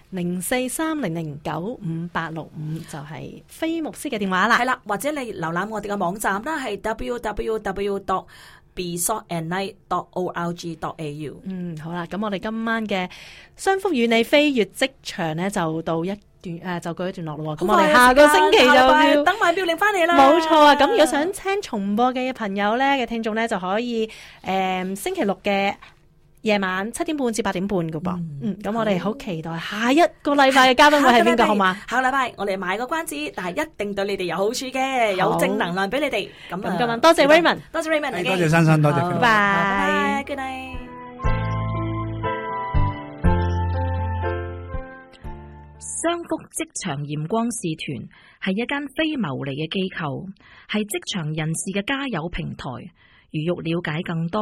零四三零零九五八六五就係飛牧師嘅電話啦，係啦，或者你瀏覽我哋嘅網站啦，係 w w w dot b s o n i g h t o r g dot a u。嗯，好啦，咁我哋今晚嘅商福與你飛越職場呢，就到一段誒、呃，就告一段落咯。咁、啊、我哋下個星期就, view, 星期就 view, 等埋表玲翻嚟啦。冇錯啊，咁、嗯、如果想聽重播嘅朋友咧嘅聽眾咧，就可以誒、呃、星期六嘅。夜晚七點半至八點半㗎噃，嗯，咁、嗯嗯、我哋好期待下一個禮拜嘅嘉賓會係邊個，好嘛？下個禮拜我哋買個關子，但係一定對你哋有好處嘅，有正能量畀你哋。咁、嗯嗯、多謝 Raymond，多謝 Raymond，多謝珊珊，多謝，多謝。拜拜，拜，拜，拜，拜，Good night。雙福職場鹽光視團係一間非牟利嘅機構，係職場人士嘅加油平台。如欲了解更多。